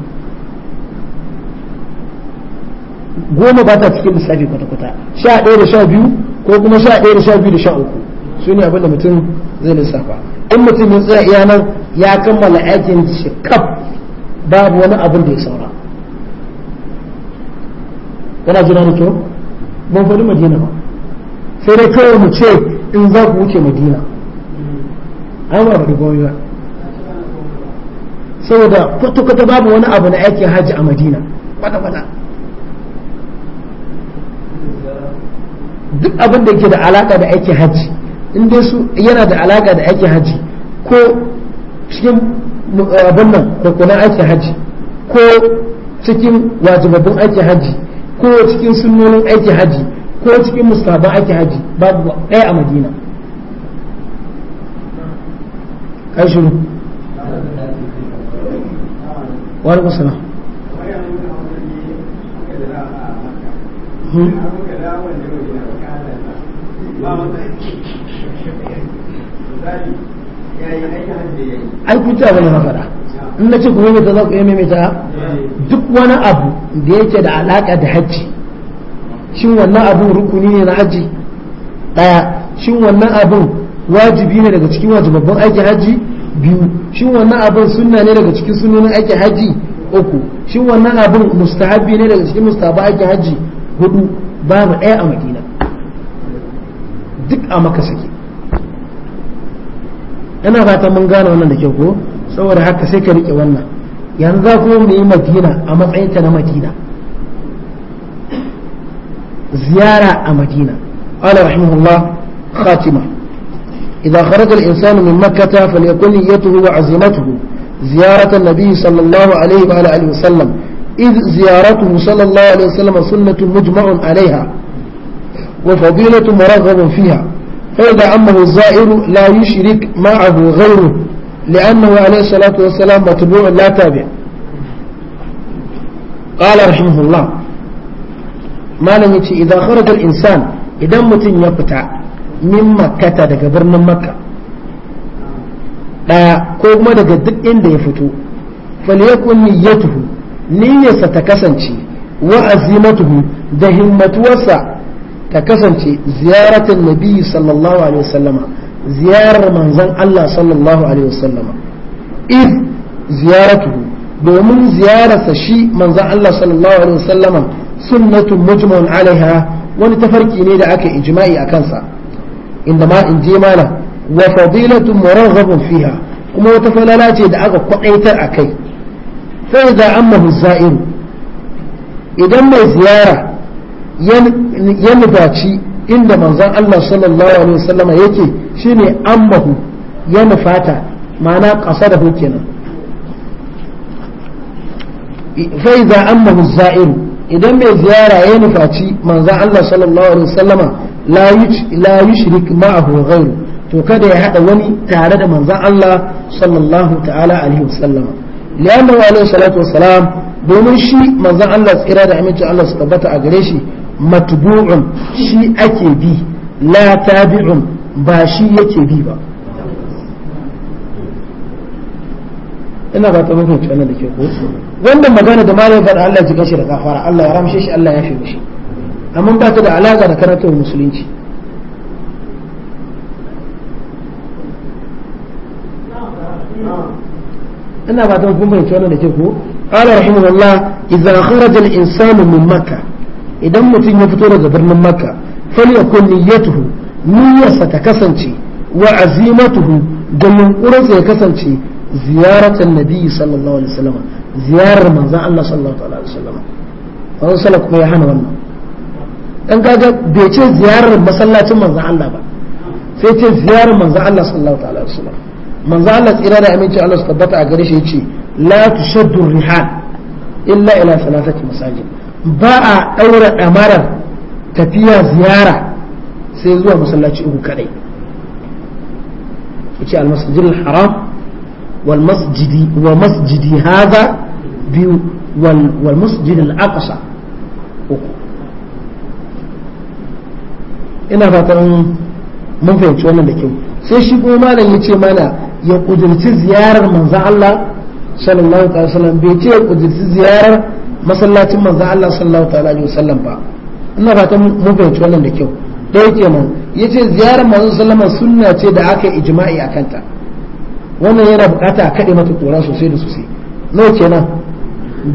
goma ba ta cikin lissafi kwata-kwata sha ɗaya da sha biyu ko kuma sha ɗaya da sha biyu da sha uku su ne abin da mutum zai lissafa in mutum ya tsaya iya nan ya kammala aikin shi kaf babu wani abin da ya saura kana jira da kyau ban faɗi madina ba sai dai kawai mu ce in za ku wuce madina ba faɗi ba saboda kwata-kwata babu wani abu na aikin haji a madina kwata-kwata duk abin da ke da alaka da aikin haji inda su yana da alaka da aikin haji ko cikin abin nan da kuna aikin haji ko cikin wajibabbin aikin haji ko cikin sunnonin aikin haji ko cikin mustaban aikin haji babu ɗaya a madina ai shiru wa alaikum salam hmm? ai kun ta ne mafada in na ce ku maimaita za ku iya maimaita duk wani abu da yake da alaka da hajji shin wannan abun rukuni ne na hajji ɗaya shin wannan abun wajibi ne daga cikin wajibabban aikin haji biyu shin wannan abin sunna ne daga cikin sunnonin aikin haji uku shin wannan abin mustahabi ne daga cikin mustahaba aikin haji hudu babu ɗaya a madina duk a maka sake ina fatan mun gane wannan da kyau ko saboda haka sai ka riƙe wannan yanzu za ku mu yi madina a matsayin ta na madina ziyara a madina ala rahimahullah khatima إذا خرج الإنسان من مكة فليكن نيته وعزيمته زيارة النبي صلى الله عليه وعلى آله وسلم إذ زيارته صلى الله عليه وسلم سنة مجمع عليها وفضيلة مرغب فيها فإذا عمه الزائر لا يشرك معه غيره لأنه عليه الصلاة والسلام متبوع لا تابع قال رحمه الله ما لم يتي إذا خرج الإنسان إذا متن يفتع min makkata daga birnin makka ɗaya ko kuma daga duk inda ya fito falyakun niyyatuhu niyyarsa ta kasance wa azimatuhu da himmatuwarsa ta kasance ziyaratin nabi sallallahu alaihi wasallama ziyarar manzon Allah sallallahu alaihi wasallama iz ziyaratuhu domin ziyararsa shi manzon Allah sallallahu alaihi wasallama sunnatun mujmun alaiha wani tafarki ne da aka ijma'i a kansa inda ma in je mana wa fadilatu muraghabun fiha kuma wata falala ce da aka kwadaitar a kai fa idza amma idan mai ziyara ya nufaci inda manzon Allah sallallahu alaihi wasallam yake shine ammahu ya nufata ma'ana qasadahu kenan fa idza amma za'ir idan mai ziyara ya nufaci manzon Allah la yushrik ma'ahu ghayru to kada ya haɗa wani tare da manzon Allah sallallahu ta'ala alaihi wa wasallama lianna wa alaihi salatu salam domin shi manzon Allah tsira da aminci Allah su tabbata a gare shi matbu'un shi ake bi la tabi'un ba shi yake bi ba ina ba ta mafi wannan da ke ko wannan magana da malam faɗa Allah ya ji gashi da kafara Allah ya ramshe shi Allah ya fi mishi amma ba ta da alaƙa da karantar musulunci ina fatan kuma fahimci wannan da ke ko qala rahimahullah idza kharaja al-insanu min makka idan mutum ya fito daga birnin makka falyakun niyyatuhu niyyarsa ta kasance wa azimatuhu da yunkurinsa ya kasance ziyaratan nabi sallallahu alaihi wasallam ziyarar manzon Allah sallallahu alaihi wasallam wannan sallah kuma ya hana wannan dan kaga bai ce ziyarar masallacin manzon Allah ba sai ce ziyarar manzon Allah sallallahu ta'ala alaihi wasallam manzon Allah tsira da aminci Allah su tabbata a gare shi yace la tushaddu rihal illa ila salatati masajid ba a daura damarar tafiya ziyara sai zuwa masallaci uku kadai yace al masjid al haram wal masjidi wa masjidi hadha biyu wal masjid al aqsa ina fatan mun fahimci wannan da kyau sai shi kuma malam ya ce mana ya kudurci ziyarar manzan Allah sallallahu alaihi wasallam bai ce ya kudurci ziyarar masallacin manzan Allah sallallahu alaihi wasallam ba ina fatan mun fahimci wannan da kyau da yake mun yace ziyarar manzan sallama sunna ce da aka ijma'i akan ta wannan yana bukata a kade mata kora sosai da sosai nawa kenan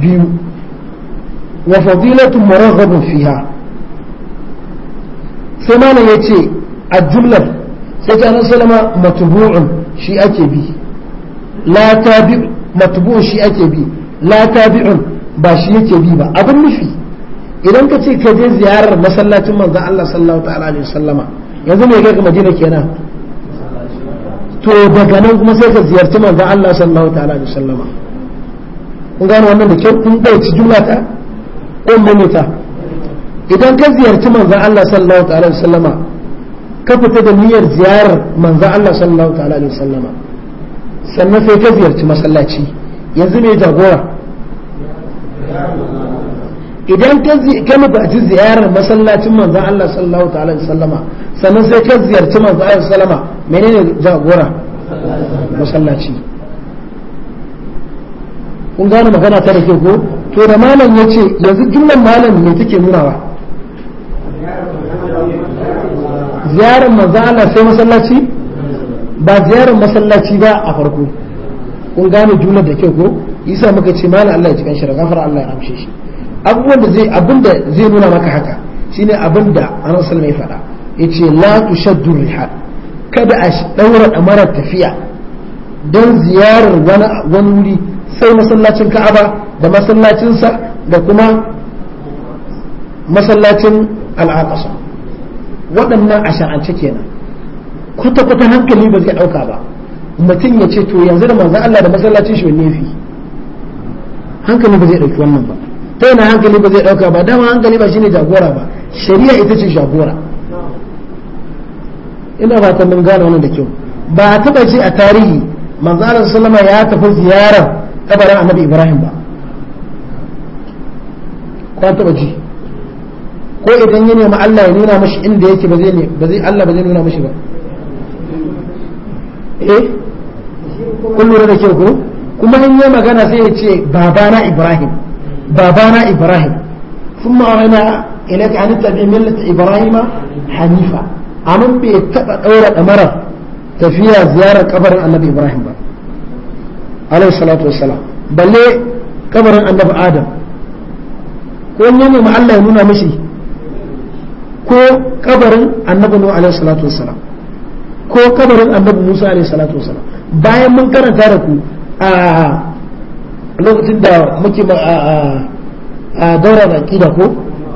biyu wa fadilatun muraghabun fiha sai malam ya ce a jumlar sai ce annabi sallama matbu'un shi ake bi la tabi matbu'un shi ake bi la tabi'un ba shi yake bi ba abin nufi idan ka ce ka je ziyarar masallacin manzon Allah sallallahu ta'ala alaihi wasallama yanzu me kai ga Madina kenan to daga nan kuma sai ka ziyarci manzon Allah sallallahu ta'ala alaihi wasallama kun gano wannan da kyau kun ɗauki jumla ta ko maimaita idan ka ziyarci manzan Allah sallallahu ta'ala alaihi wasallama ka fita da niyyar ziyarar manzan Allah sallallahu ta'ala alaihi wasallama sannan sai ka ziyarci masallaci yanzu me jagora idan ka nufaci ziyarar masallacin manzan Allah sallallahu ta'ala alaihi wasallama sannan sai ka ziyarci manzan Allah sallama menene jagora masallaci kun gane magana ta da ke ko to da malam ya ce yanzu jumlan malam ne take nunawa ziyarar manzo Allah sai masallaci ba ziyarar masallaci ba a farko kun gane juna da kyau ko isa muka ce mana Allah ya cikin kanshi da gafara Allah ya amshe shi abubuwan da zai abinda zai nuna maka haka shine abinda Annabi sallallahu alaihi faɗa yace la tushaddu rihal kada a daura damarar tafiya don ziyarar wani wuri sai masallacin Ka'aba da masallacinsa da kuma masallacin Al-Aqsa waɗannan a shar'ance kenan kwata kwata hankali ba zai ɗauka ba mutum ya ce to yanzu da manzon Allah da masallacin shi ne fi hankali ba zai ɗauki wannan ba ta yana hankali ba zai ɗauka ba dama hankali ba shine jagora ba shari'a ita ce jagora ina ba ta gane wannan da kyau ba a taɓa ce a tarihi manzo Allah sallama ya tafi ziyarar kabarin Annabi Ibrahim ba ko taɓa ji ko idan ya nemi Allah ya nuna mashi inda yake ba zai ba zai Allah ba zai nuna mashi ba eh kun lura da kyau ko kuma in yi magana sai ya ce babana Ibrahim babana Ibrahim sun ma'arana ilaka an tabi millata Ibrahim hanifa amma bai taba daura damarar tafiya ziyarar kabarin Annabi Ibrahim ba alaihi salatu wassalam balle kabarin Annabi Adam ko ne ma Allah ya nuna mashi. ko kabarin annabi nuhu alaihi salatu wasalam ko kabarin annabi musa alaihi salatu wasalam bayan mun karanta da ku a lokacin da muke a daura da kida ko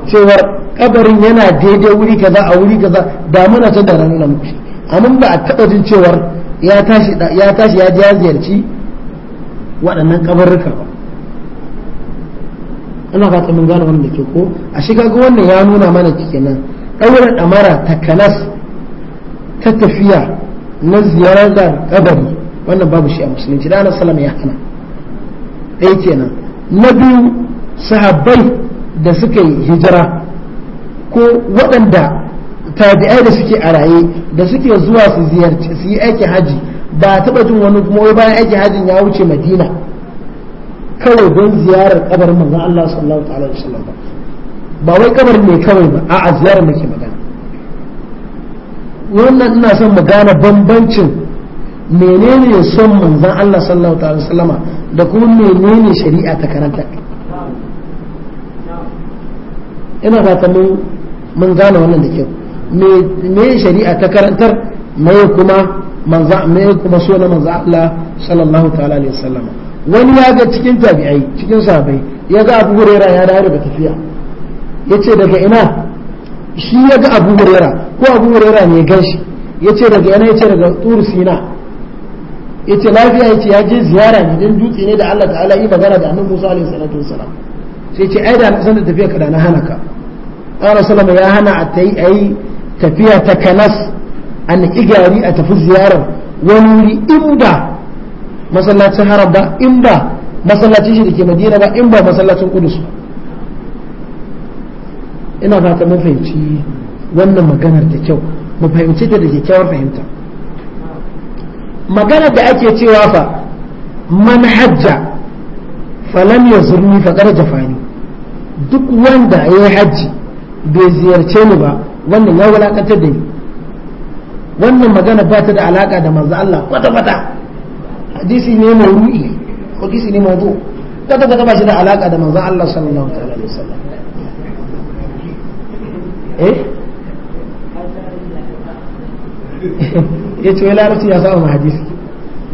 cewar kabarin yana daidai wuri kaza a wuri kaza da muna ta da ranar muku amma ba a taɓa jin cewar ya tashi ya tashi ya ziyarci waɗannan kabarruka ba ina fata mun gane wannan da ke ko a shiga ga wannan ya nuna mana nan. ɗaura ɗamara ta kanas ta tafiya na ziyarar da kabari wannan babu shi a musulunci da ana salama ya hana ɗaya kenan na biyu sahabbai da suka yi hijira ko waɗanda tabi'ai da suke a raye da suke zuwa su ziyarci su yi aikin haji ba a taɓa jin wani kuma bayan aikin hajin ya wuce madina kawai don ziyarar kabarin manzon Allah sallallahu alaihi wasallam ba ba wai kabarin ne kawai ba a'a ziyarar muke magana wannan ina son mu gane bambancin menene son manzon Allah sallallahu alaihi wasallama da kuma menene shari'a ta karanta ina fata mun mun gane wannan da kyau me shari'a ta karantar me kuma manzo me kuma so na manzo Allah sallallahu ta'ala alaihi wasallama wani ya ga cikin tabi'ai cikin sahabbai ya ga Abu Hurairah ya dawo da tafiya yace daga ina shi ya ga abu huraira ko abu huraira ne gan shi yace daga ina yace daga turu sina yace lafiya yace ya je ziyara ne dan dutse ne da Allah ta'ala yi magana da annabi Musa alaihi salatu wasalam sai yace ai da sanin tafiya ka da na hana ka Allah sallama ya hana a tai ai tafiya ta kanas an igari a tafi ziyarar wani wuri inda masallacin haram ba in ba masallacin shi da ke madina ba in ba masallacin kudus ba ina fata mun fahimci wannan maganar da kyau mu fahimci ta da kyakkyawar fahimta maganar da ake cewa fa man hajja falam ya fa faƙar jafani duk wanda ya yi hajji bai ziyarce ni ba wannan ya wulakantar da ni wannan magana ba ta da alaƙa da manzo Allah kwata-kwata hadisi ne mai ru'i hadisi ne mai kwata-kwata ba shi da alaƙa da manzo Allah sallallahu alaihi wasallam eh ya ce larabci ya saba hadisi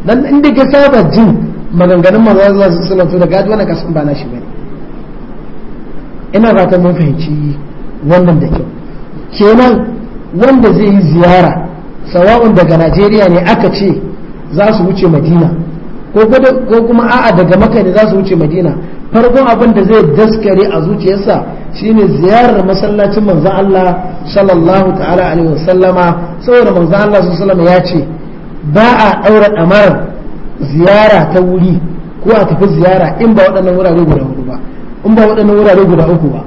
dan inda ka saba jin maganganun manzo Allah sallallahu alaihi wasallam daga wannan kasan ba na shi bane ina fatan mun fahimci wannan da kyau kenan wanda zai yi ziyara sawa'un daga Najeriya ne aka ce za su wuce Madina ko kuma a'a daga Makka ne za su wuce Madina farkon abin da zai daskare a zuciyarsa shine ziyarar masallacin manzon Allah sallallahu ta'ala alaihi wasallama saboda manzon Allah sallallahu ya ce ba a daura damarar ziyara ta wuri ko a tafi ziyara in ba waɗannan wurare guda uku ba in ba waɗannan wurare guda uku ba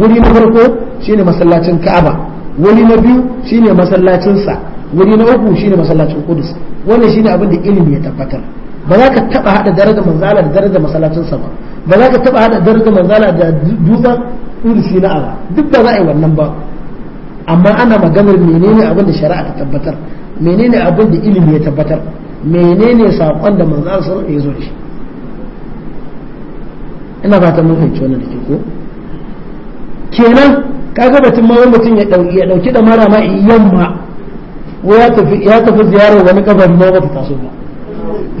wuri na farko shine masallacin Ka'aba wuri na biyu shine masallacin sa wuri na uku shine masallacin Qudus wannan shine abin da ilimi ya tabbatar ba za ka taɓa haɗa daraja manzala da daraja masalacinsa ba ba za ka taɓa haɗa daraja manzala da dutsen irisi na ara duk ba za a yi wannan ba amma ana maganar menene abin da shari'a ta tabbatar menene abin da ilimi ya tabbatar menene saƙon da manzala sun ya zo da shi ina fata mun fahimci wannan da ke ko kenan kaga batun ma wani mutum ya ɗauki da mara ma yamma ko ya tafi ziyarar wani kabarin ma ba ta taso ba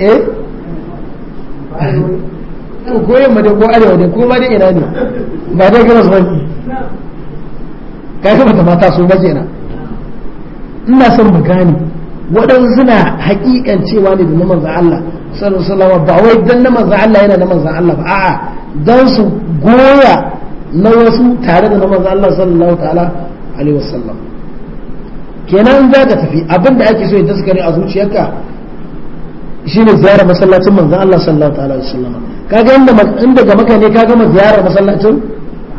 eh ko yamma da ko arewa da ko ma da ina ne ba dai gina zuwa kaga bata mata so ba kenan ina son mu gane waɗansu suna haƙiƙan cewa ne da na manzan Allah sallallahu alaihi ba wai dan na manzan Allah yana na manzan Allah ba a'a dan su goya na wasu tare da na manzan Allah sallallahu ta'ala alaihi wasallam kenan za ka tafi abin da ake so ya taskare a zuciyarka ne ziyarar masallacin manzon Allah sallallahu ta'ala alaihi wasallam kaga inda inda ga maka ne ka gama ziyarar masallacin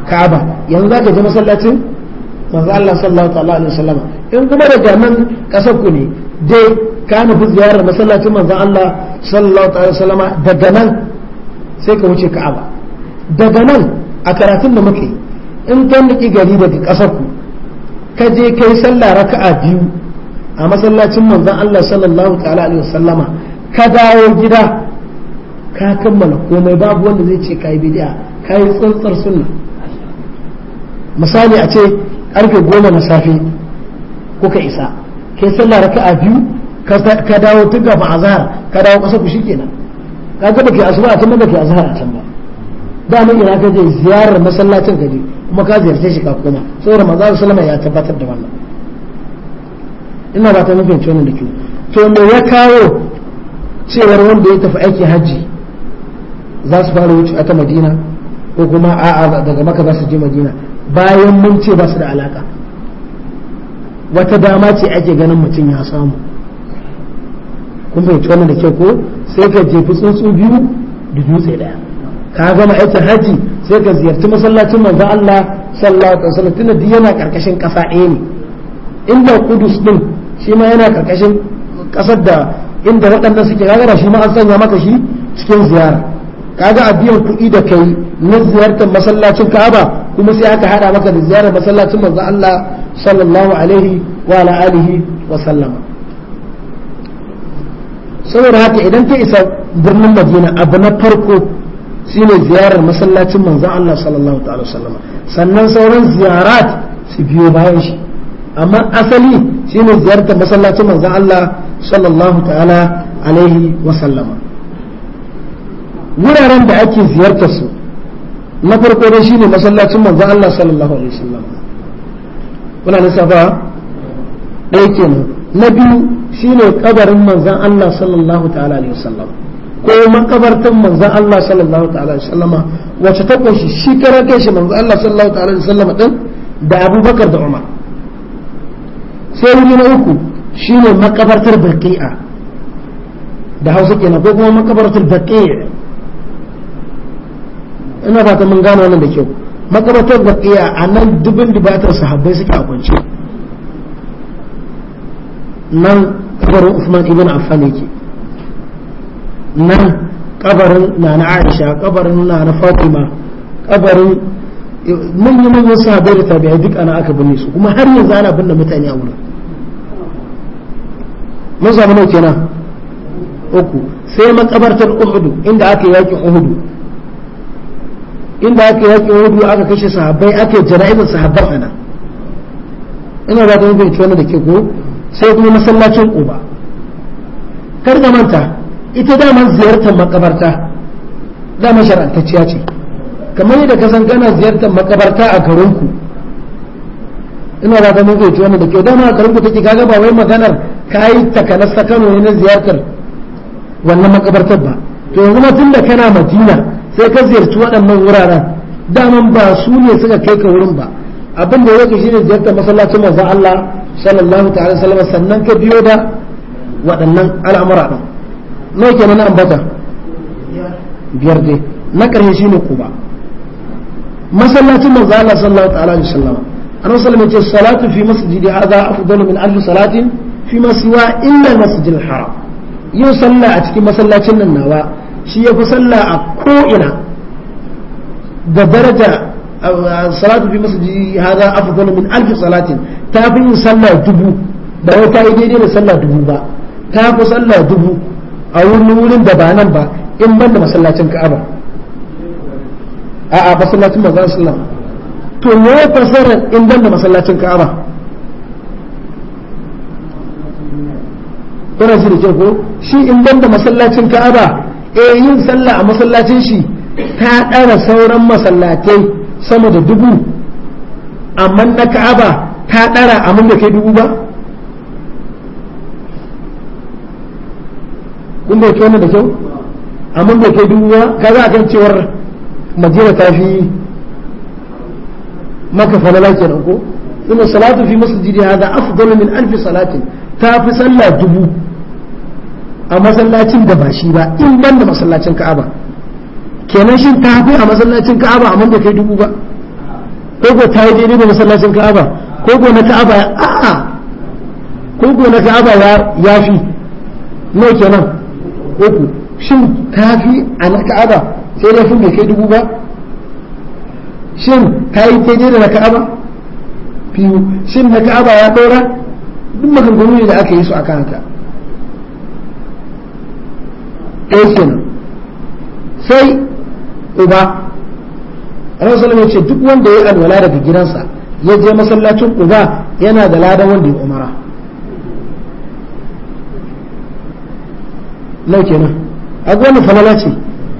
Ka'aba yanzu za ka je masallacin manzon Allah sallallahu ta'ala alaihi wasallam in kuma daga nan kasar ku ne dai ka nufi ziyarar masallacin manzon Allah sallallahu ta'ala alaihi wasallam daga nan sai ka wuce Ka'aba daga nan a karatun da muke in kan niki gari daga kasar ku ka je kai sallah raka'a biyu a masallacin manzon Allah sallallahu ta'ala alaihi wasallama ka dawo gida ka kammala komai babu wanda zai ce kai bid'a kai tsantsar sunna misali a ce karfe goma na safe kuka isa kai sallah raka'a biyu ka dawo tun ba azhar ka dawo kasa ku shikenan ka ga baki asuba a can baki azhar a can ba da mun ina ka je ziyarar masallacin ka je kuma ka ziyarce shi ka koma saboda manzo sallama ya tabbatar da wannan ina ba ta nufin cewa da kyau to me ya kawo cewar wanda ya tafi aiki hajji za su fara wuce ta madina ko kuma a'a daga maka za su je madina bayan mun ce ba su da alaka wata dama ce ake ganin mutum ya samu kun fahimci wannan da kyau ko sai ka jefi tsuntsu biyu da dutse daya ka gama aikin hajji sai ka ziyarci masallacin manzo Allah sallallahu alaihi wasallam tunda duk yana karkashin kasa ne inda Qudus din shi ma yana karkashin kasar da inda waɗannan suke kaga shi ma an sanya maka shi cikin ziyara kaga a biyan kuɗi da kai na ziyartar masallacin Ka'aba kuma sai aka hada maka da ziyarar masallacin manzo Allah sallallahu alaihi wa ala alihi wa sallama saboda haka idan ka isa birnin Madina abu na farko Shi ne ziyarar masallacin manzon Allah sallallahu ta'ala sallama sannan sauran ziyarat su biyo bayan shi amma asali shi ne ziyarta masallacin manzon Allah sallallahu ta'ala alaihi wa sallama wuraren da ake ziyartar su na farko dai ne masallacin manzon Allah sallallahu alaihi wasallam kuna lissafa ɗaya kenan na biyu shi ne kabarin manzon Allah sallallahu ta'ala alaihi wasallam ko makabartan manzon Allah sallallahu ta'ala alaihi wasallama wacce ta kunshi shi karan kai shi manzon Allah sallallahu ta'ala alaihi wasallama din da Abubakar da Umar sai wuri na uku shine makabartar Baqi'a da Hausa kenan ko kuma makabartar Baqi'a ina fata mun gano nan da kyau makabartar Baqi'a a nan dubin dubatar sahabbai suke a kwance nan kabarin Usman ibn Affan yake nan kabarin na na aisha kabarin na na fatima kabarin mun yi manyan bai da tabi'ai duk ana aka binne su kuma har yanzu ana binne mutane a wurin mun samu nau kenan uku sai makabartar uhudu inda aka yakin uhudu inda aka yakin uhudu aka kashe sahabbai aka jana'izar sahabban ana ina ba ta mafi wani da ke ko sai kuma masallacin uba kar da manta ita damar ziyartar makabarta dama shar'antacciya ce kamar yadda ka san kana ziyartar makabarta a garinku ina za ta mafi wannan da kyau dama a garinku take kaga ba wai maganar ka yi takanar sakano ne na ziyartar wannan makabartar ba to yanzu tun da kana madina sai ka ziyarci waɗannan wuraren daman ba su ne suka kai ka wurin ba abin da yake ne ziyartar masallacin manzon Allah sallallahu ta'ala sannan ka biyo da waɗannan al'amura ɗin nawa kenan na ambata biyar dai na ƙarshe shine kuba masallacin manzo Allah sallallahu ta'ala alaihi wasallam annabi sallallahu alaihi wasallam salatu fi masjidi hadha afdalu min alf salatin fi ma siwa illa masjidil haram yau sallah a cikin masallacin nan nawa shi ya fi sallah a ko'ina da daraja uh, salatu fi masjidi hadha afdalu min alf salatin ta fi yin sallah dubu ba wai ta yi daidai da sallah dubu ba ta fi sallah dubu a wani wurin da ba nan ba in ban da masallacin ka'aba a'a masallacin manzon sallam to me ya fasara in ban da masallacin ka'aba kuna shi da ke ko shi in ban da masallacin ka'aba e yin sallah a masallacin shi ta ɗara sauran masallatai sama da dubu amma na ka'aba ta ɗara amma da kai dubu ba kun bai kai da kyau amma bai kai dubu ba ka za a kan cewar madina ta fi maka falala kenan ko inna salatu fi masjidi hadha afdalu min alf salatin ta fi sallah dubu a masallacin da ba shi ba in ban da masallacin ka'aba kenan shin ta fi a masallacin ka'aba amma bai kai dubu ba ko ko ta yi daidai da masallacin ka'aba ko ko na ka'aba a'a ko ko na ka'aba ya fi nawa kenan uku shin kafi a na ka'aba sai laifin bai kai dubu ba shin ta yi daidai da na ka'aba biyu shin na ka'aba ya ɗora duk maganganu ne da aka yi su a kanta ɗaya sai uba rasulun ya ce duk wanda ya alwala daga gidansa ya je masallacin uba yana da ladan wanda ya umara nau kenan a wani falala ce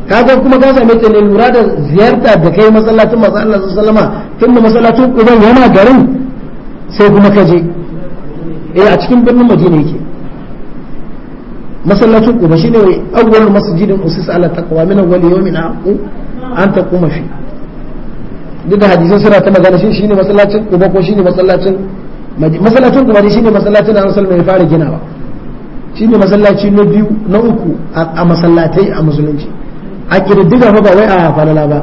kaga kuma ka same ta ne lura da ziyarta da kai masallacin masu Allah sallama da masallacin kuban yana garin sai kuma ka je eh a cikin birnin madina yake masallacin kuba shine awwal masjidin usis ala taqwa min awwal yawmin aqu an taquma fi duk da sun suna ta magana shi shine masallacin kuba ko shine masallacin masallacin kuba ne shine masallacin da Annabi sallallahu alaihi wasallam ya fara ginawa shi ne masallaci na biyu na uku a masallatai a musulunci a ƙididdiga ba ba wai a falala ba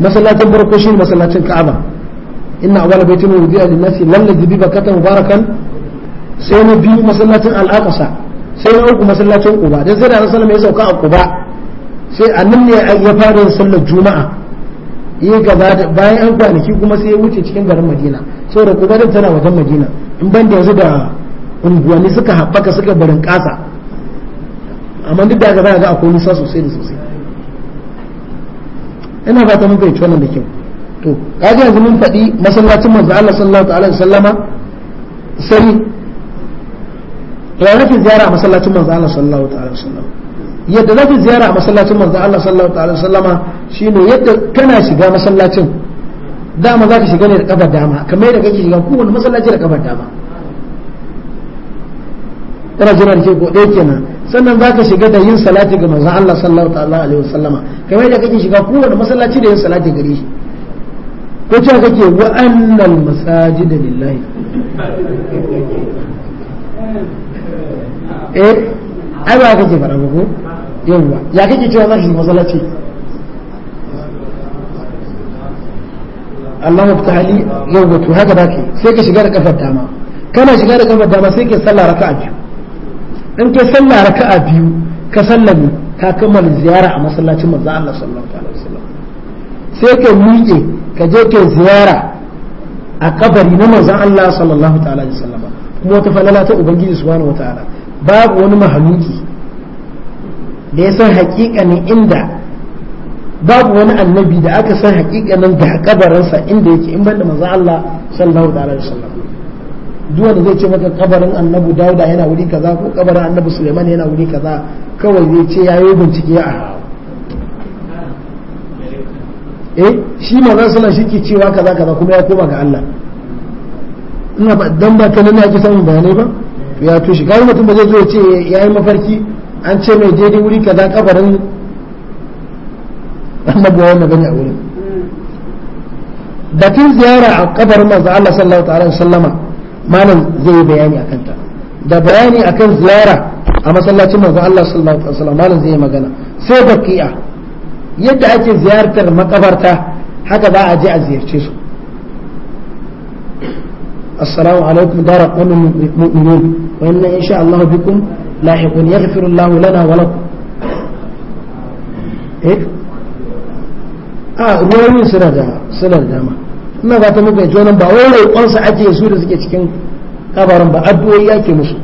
masallacin farko shi ne masallacin ka'aba inna awwal baitin a linnasi nasi lallazi bi bakata mubarakan sai na biyu masallacin al'akasa sai na uku masallacin kuba dan sai da Rasul ya sauka a kuba sai annan ne ya fara yin sallar juma'a yi gaba da bayan an kwanaki kuma sai ya wuce cikin garin Madina saboda quba tana wajen Madina in ban da yanzu da unguwanni suka haɓaka suka barin ƙasa amma duk da aka za ga akwai nisa sosai da sosai ina fata mun fahimci wannan da kyau to kaji yanzu mun faɗi masallacin manzo Allah sallallahu alaihi wasallama sai ya nake ziyara a masallacin manzo Allah sallallahu alaihi wasallama yadda nake ziyara a masallacin manzo Allah sallallahu alaihi wasallama shine yadda kana shiga masallacin dama za ka shiga ne da kafar dama kamar yadda kake shiga kowane masallaci da kafar dama kana jira da ke ko kenan sannan zaka shiga da yin salati ga manzon Allah sallallahu ta'ala alaihi wasallama kamar da kake shiga kowanne masallaci da yin salati gare shi ko cewa kake wa annal masajid lillahi eh ai ba kake fara ba ko yawa ya kake cewa zaka shiga masallaci Allah mafta ali yau ba to haka ba ke sai ka shiga da kafar dama kana shiga da kafar dama sai ka sallah raka'a biyu in kai sallah raka'a biyu ka sallame ka kammala ziyara a masallacin manzo Allah sallallahu alaihi wasallam sai ka miƙe ka je ka ziyara a kabari na manzo Allah sallallahu alaihi wasallam kuma wata falala ta ubangiji subhanahu wataala babu wani mahaluki da ya san hakikanin inda babu wani annabi da aka san hakikanin da kabarinsa inda yake in banda manzo Allah sallallahu alaihi wasallam duk wanda zai ce maka kabarin annabu dauda yana wuri kaza ko kabarin annabu suleiman yana wuri kaza kawai zai ce ya yi bincike a eh shi manzon suna shi ke cewa kaza kaza kuma ya koma ga Allah ina ba dan ba kana ake samun bayanai ba to ya tushe kai mutum ba zai zo ya ce yayi mafarki an ce mai je wuri kaza kabarin annabi wa magana a wurin hmm. batun ziyara a kabarin manzo Allah sallallahu alaihi wasallama malam zai yi bayani akan ta da bayani akan ziyara a masallacin manzo Allah sallallahu alaihi wasallam malam zai yi magana sai baqiya yadda ake ziyartar makabarta haka za a je a ziyarce su assalamu alaikum dara qawmin mu'minin wa inna insha Allah bikum lahiqun yaghfiru Allah lana wa lakum eh? a ah, ruwayoyin suna da dama ina ba ta muka ji wannan ba wai roƙon su ajiye su da suke cikin kabarin ba addu'o'i yake musu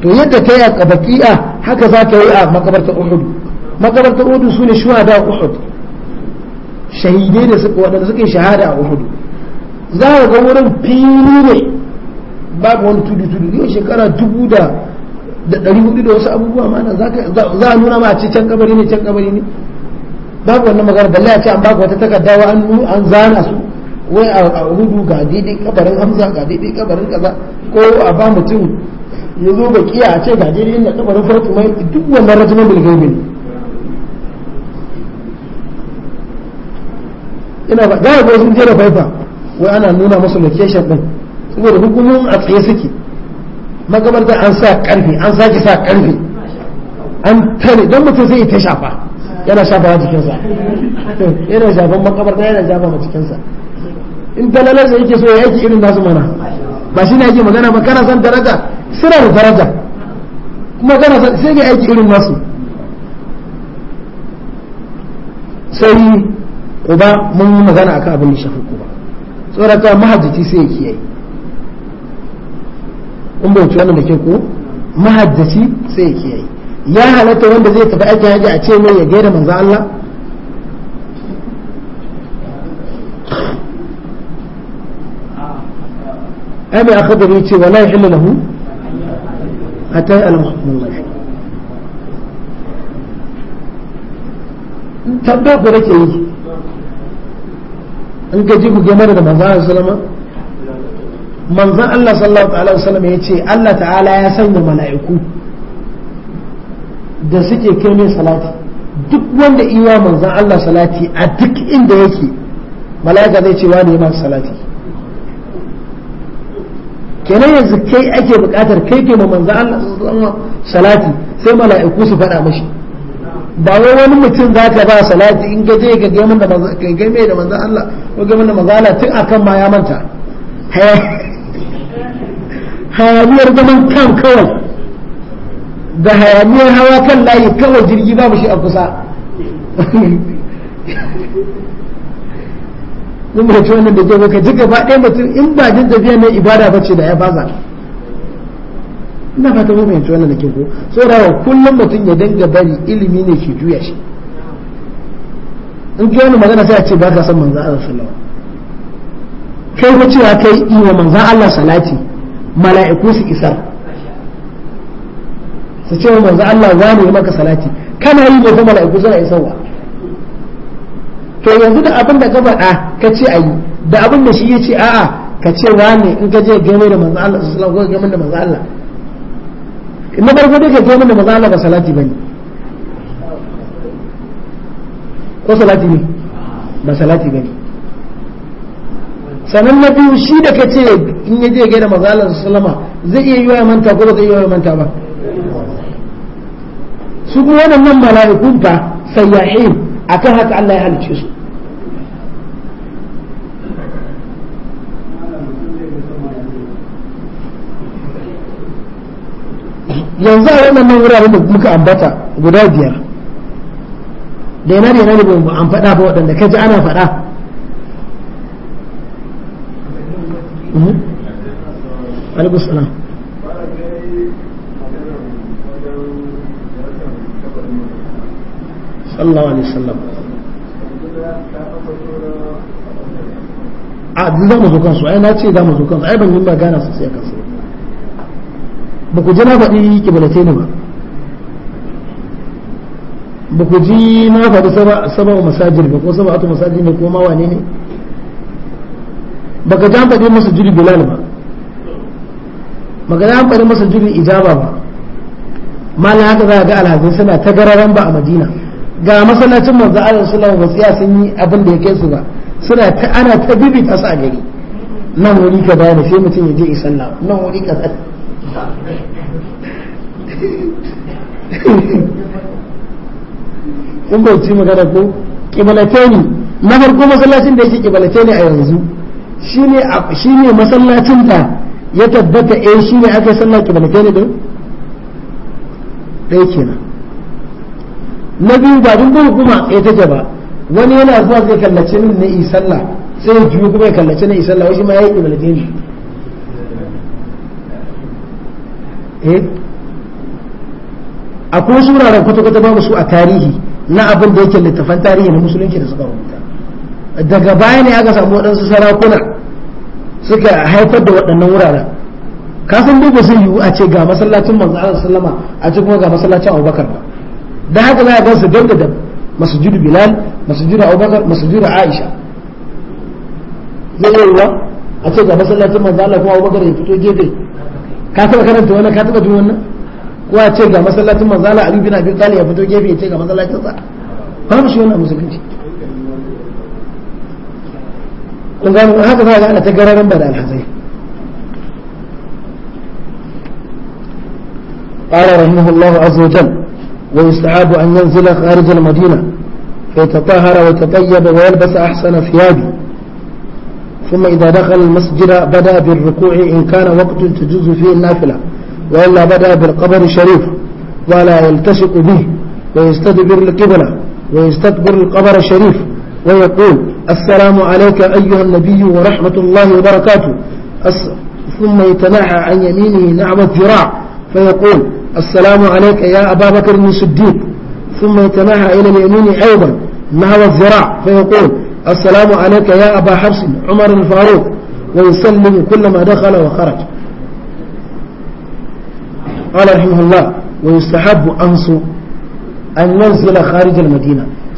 to yadda kai a kabakiya haka za ka yi a makabartar Uhud makabartar Uhud su ne shuhada Uhud shahidai da suka waɗanda suka yi shahada a Uhud za ka ga wurin fili ne babu wani tudu tudu yau shekara dubu da da ɗari hudu da wasu abubuwa na za a nuna ma a ce can kabari ne can kabari ne babu wannan magana balle a ce an baka wata takardawa an zana su wai a rudu ga daidai kabarin hamza ga daidai kabarin kaza ko a ba mutum ya zo ba kiya a ce ga daidai inda kabarin farko mai duk wannan rajimin bilgaibi ne ina ba za a ga sun jera faifa wai ana nuna masu location din saboda hukumomin a tsaye suke magabarta an sa karfe an sake sa karfe an tare don mutum sai ya ta shafa yana shafa jikinsa yana shafan makabarta yana shafa jikinsa in dalalarsa yake so ya yake irin nasu mana ba shi ne yake magana ba kana san daraja suna da daraja kuma kana san sai ga aiki irin nasu sai uba mun yi magana akan abin da shafi kuba tsoraka mahajjaci sai ya kiyaye in bai wannan da ke ko mahajjaci sai ya kiyaye ya halatta wanda zai tafi aiki haji a ce mai ya gaira manzo Allah ai mai aka bari ce wala yahillu lahu hatta ya alama hukumar lafi tabba ku rake yi in ka ji ku da manzan Allah sallama manzan Allah sallallahu alaihi wasallam ya ce Allah ta'ala ya sanya mala'iku da suke kai salati duk wanda iya manzan Allah salati a duk inda yake mala'ika zai ce wani ya salati kenan yanzu kai ake bukatar kai ke ma manzo Allah salati sai mala'iku su faɗa mashi ba wai wani mutum za ka ba salati in gaje ga gaimin da manzo kai mai da manzo Allah ko gaimin da manzo Allah tun akan ma ya manta hayaniyar zaman kan kawai da hayaniyar hawa kan layi kawai jirgi mu shi a kusa mun bai wannan da ke ka ji gaba ɗaya mutum in ba jin tafiya ne ibada ba ce da ya baza ina fata mun fahimci wannan da ke ko saurawa kullum mutum ya danga bari ilimi ne ke juya shi in ji wani magana sai a ce ba ka san manzan Allah sallallahu kai ko cewa kai yi wa manzan Allah salati mala'iku su isar su ce wa manzan Allah yi maka salati kana yi ba kuma mala'iku suna isarwa to yanzu da abin da ka faɗa ka ce ayi da abin da shi ya ce a'a ka ce ne in ka je game da manzo Allah sallallahu alaihi wasallam game da manzo Allah na farko dai ka game da manzo Allah ba salati bane ko salati ne ba salati bane sanan na biyu shi da ka ce in ya je gaida manzo Allah sallallahu alaihi wasallam zai iya yi wa manta ko ba zai iya yi wa manta ba su kuma wannan mala'iku ba sayyahin akan haka Allah ya halicce su yanzu a waɗannan wuraren da muka ambata guda biyar da yana da yana da ba an faɗa ba waɗanda kaji ana faɗa mhm. alaikussalam sallallahu alaihi wasallam a za mu zo kansu ai na ce za mu zo kansu ai ban yi magana sosai kansu ba ku ji na faɗi kiblatai ne ba ba ku ji na faɗi saba wa masajin ba ko saba atu masajin ne ko ma wane ne ba ka jan faɗi masa jiri bilal ba ba ka jan faɗi masa jiri ijaba ba malam haka za a ga alhazin suna ta gararan ba a madina ga masallacin manzo Allah sallallahu alaihi wasallam sun yi abin da ya kai su ba suna ta ana ta bibita su a gari nan wuri kaza ne sai mutum ya je isan nan wuri kaza kun bauci magana ko ne na farko masallacin da yake ne a yanzu shine masallacin ta ya tabbata eh shine aka sallah ne din ɗaya kenan na biyu ba dun bai kuma ya take ba wani yana zuwa zai kallace ne na isalla sai ya juyo kuma ya kallace na sallah wasu ma ya yi ne a kuma suna wuraren kwata-kwata babu su a tarihi na abin da yake littafan tarihi na musulunci da suka rubuta daga baya ne aka samu waɗansu sarakuna suka haifar da waɗannan wuraren kasan dai ba zai yiwu a ce ga masallacin manzo Allah sallama a ce kuma ga masallacin Abubakar ba dan haka za a gansu danda da masjidu Bilal masjidu Abubakar masjidu Aisha zai yiwu a ce ga masallacin manzo Allah kuma Abubakar ya fito gefe ka taba karanta wannan ka taba jin wannan kowa ce ga masallacin manzala ali bin abi talib ya fito gefe ya ce ga masallacin sa babu shi wannan musulunci kun gano haka za ga ana ta gararan ba da alhazai قال رحمه الله عز وجل ويستعاب أن ينزل خارج المدينة فيتطهر ويتطيب ويلبس أحسن ثيابه ثم إذا دخل المسجد بدأ بالركوع إن كان وقت تجوز فيه النافلة وإلا بدأ بالقبر الشريف ولا يلتصق به ويستدبر القبلة ويستدبر القبر الشريف ويقول السلام عليك أيها النبي ورحمة الله وبركاته ثم يتناحى عن يمينه نعم الذراع فيقول السلام عليك يا أبا بكر الصديق ثم يتناحى إلى اليمين أيضا نحو نعم الذراع فيقول assalamu alayka ya aba hafs umar al-faruq wa yusallimu kullama dakhala wa kharaja قال رحمه الله ويستحب أنسو أن ينزل خارج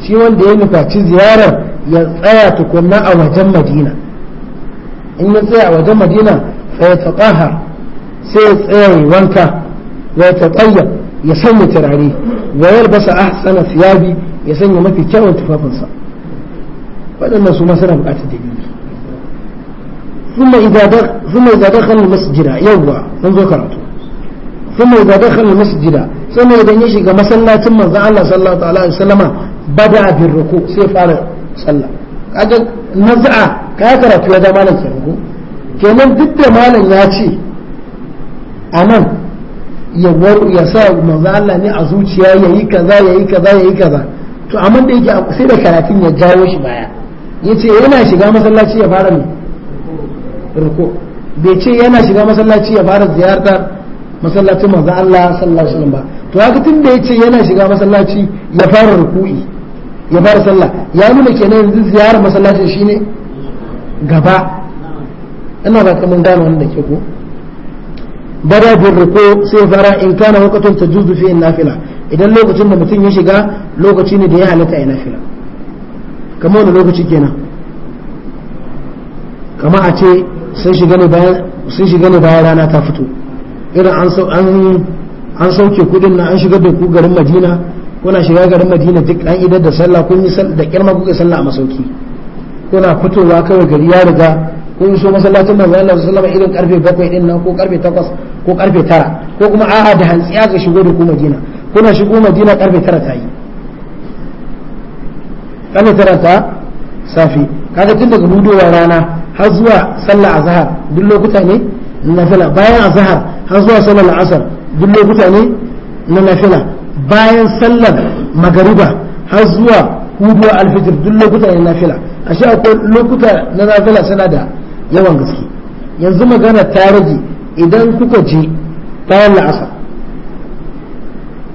shi wanda ya nufaci ziyarar ya tsaya tukunna a wajen madina in ya tsaya a wajen madina fa ya taɓaha sai ya tsaya ya wanka wa ya taɓayya ya sanya turare wa yalbasa ahsana siyabi ya sanya mafi kyawun tufafinsa waɗannan su ma suna buƙatar dalili ثم إذا دخل ثم إذا دخل المسجد يوضع منذ كرته ثم إذا دخل المسجد ثم إذا يشيك مسلا ثم الله صلى الله عليه وسلم بدأ بالركوع سيفار صلى أجل نزعة كاكرة في هذا مالا كنكو كنن ضد مالا ياتي أمام يور يسا manzo Allah ne a zuciya yayi kaza yayi kaza yayi kaza to amma da yake sai da karatun ya jawo shi baya yace yana shiga masallaci ya fara ruku bai ce yana shiga masallaci ya fara ziyartar masallacin manzo Allah sallallahu alaihi wasallam ba to haka tun da yace yana shiga masallaci ya fara ruku'i ya fara sallah ya nuna kenan yanzu ziyarar masallacin shine gaba ina ba kaman gane wannan da ke ko bada bi ruku sai fara in kana wakatun tajuzu fi nafila idan lokacin da mutum ya shiga lokaci ne da ya halatta ya nafila kamar wani lokaci kenan kama a ce sun shiga ne bayan rana ta fito irin an sauke kudin na an shigar da ku garin madina kuna shiga garin madina duk an idar da sallah kun yi da kirma kuka sallah a masauki kuna fitowa kawai gari ya riga kun so masallacin manzon Allah sallallahu alaihi irin karfe 7 din nan ko karfe 8 ko karfe 9 ko kuma a'a da hantsiya ga shigo da ku madina kuna shigo madina karfe 9 ta yi ana karanta safi kaga tun daga budowar rana har zuwa sallar azhar duk lokuta ne na fila bayan azhar har zuwa sallar asar duk lokuta ne na nafila bayan sallar magariba har zuwa hudu alfitir duk lokuta ne na nafila ashe akwai lokuta na nafila suna da yawan gaske yanzu magana ta rage idan kuka je bayan la'asar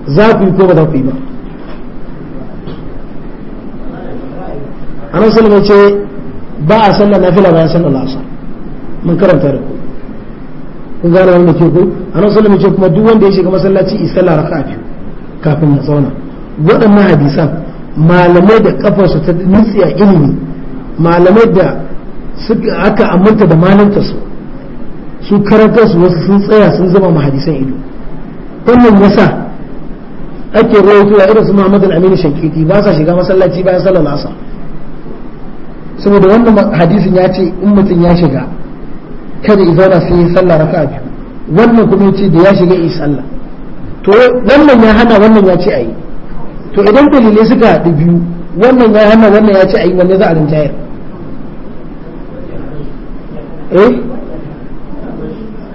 za ku yi ko ba za ku yi ba anan sulma ce ba a sallar nafila bayan sallar asar mun karanta da ku kun gane wanda ke ku anan sulma ce kuma duk wanda ya shiga masallaci isalla raka'a biyu kafin ya zauna waɗannan hadisan malamai da kafarsu ta nutsi a ilimi malamai da aka aminta da malanta su su karanta su wasu sun tsaya sun zama mahadisan ido wannan yasa ake rawaito a irin su Muhammad al-Amin Shankiti ba sa shiga masallaci bayan sallar asar saboda wannan hadisin ya ce in mutum ya shiga kada ya zauna sai ya sallah raka'a biyu wannan kuma ya ce da ya shiga ya sallah to wannan ya hana wannan ya ce ayi to idan dalilai suka haɗu biyu wannan ya hana wannan ya ce ayi wanne za a rinjayar eh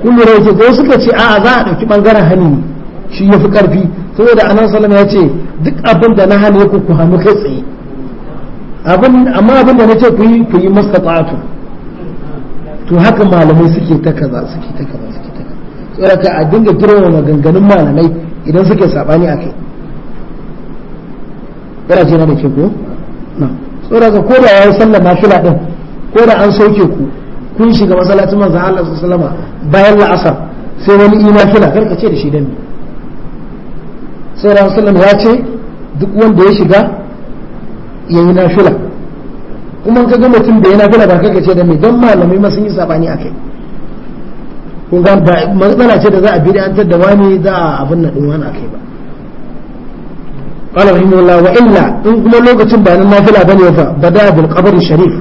kun lura yake ko suka ce a'a za a ɗauki ɓangaren hani shi ya fi ƙarfi saboda anan salama ya ce duk abin da na hana ku ku hannu kai tsaye amma abin da na ce ku yi ku tsato to haka malamai suke ta kaza suke ta kaza suke ta kaza ka a dinga girma maganganun malamai idan suke sabani kai. yana ce na da ke ko na tsoron ka ko da yi sallar fila din ko da an sauke ku kun shiga masallacin manzon Allah su alaihi bayan la'asar sai wani fila kar ka ce da shi dan saboda sallallahu ya ce duk wanda ya shiga ya yi nafila kuma ka ga mutum da ya nafila ba kaka ce da mai don malamai ma sun yi sabani a kai kun ga matsala ce da za a bi da an da wani za a abin na ɗin wani a kai ba قال رحمه الله lokacin إن كما لوكتين بأن النافلة بني بدأ بالقبر sharif